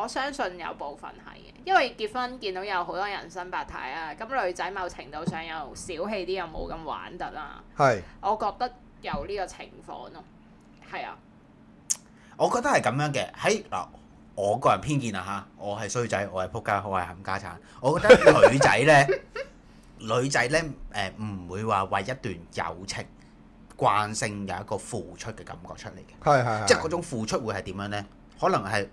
我相信有部分係嘅，因為結婚見到有好多人生百態啊。咁女仔某程度上又小氣啲，又冇咁玩得啦，啊。係是，我覺得有呢個情況咯。係啊，啊我覺得係咁樣嘅。喺嗱，我個人偏見啊吓，我係衰仔，我係仆街，我係冚家鏟。我覺得女仔咧， 女仔咧，誒、呃、唔會話為一段友情。慣性有一個付出嘅感覺出嚟嘅，係係，即係嗰種付出會係點樣咧？可能係，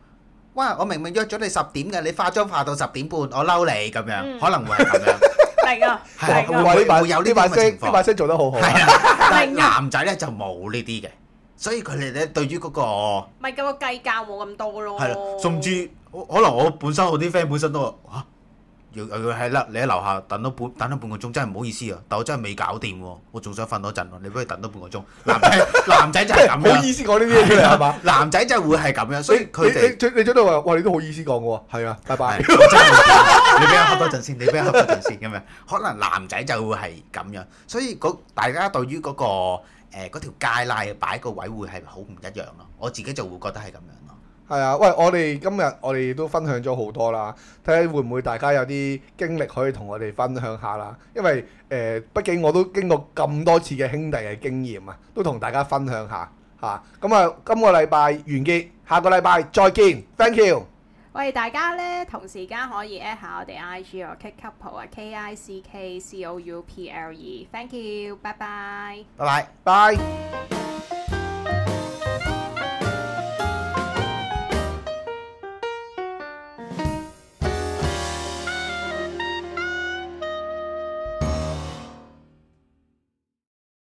哇！我明明約咗你十點嘅，你化妝化到十點半，我嬲你咁樣，可能會係咁樣。明啊，係啊，唔會有呢把聲，呢把聲做得好好。係啊，但係男仔咧就冇呢啲嘅，所以佢哋咧對於嗰個咪個計較冇咁多咯。係啦，甚至可能我本身我啲 friend 本身都話哇。又啦！你喺樓下等咗半等咗半個鐘，真係唔好意思啊！但我真係未搞掂喎，我仲想瞓多陣喎。你不如等多半個鐘。男仔男仔就係咁唔好意思講呢啲嘢出嚟係嘛？男仔就會係咁樣，所以佢哋，你你最多話，哇！你都好意思講嘅喎。係啊，拜拜。 你俾我恰多陣先，你俾我恰多陣先咁啊？可能男仔就會係咁樣，所以大家對於嗰、嗰個誒嗰、呃、條街拉擺個位會係好唔一樣咯。我自己就會覺得係咁樣咯。係啊，喂！我哋今日我哋都分享咗好多啦，睇下會唔會大家有啲經歷可以同我哋分享下啦。因為誒，畢竟我都經過咁多次嘅兄弟嘅經驗啊，都同大家分享下吓，咁啊，今個禮拜完結，下個禮拜再見。Thank you。喂，大家呢同時間可以 at 下我哋 IG 啊，Kick Couple 啊，K I C K C O U P L E。Thank you，拜拜。拜拜，拜。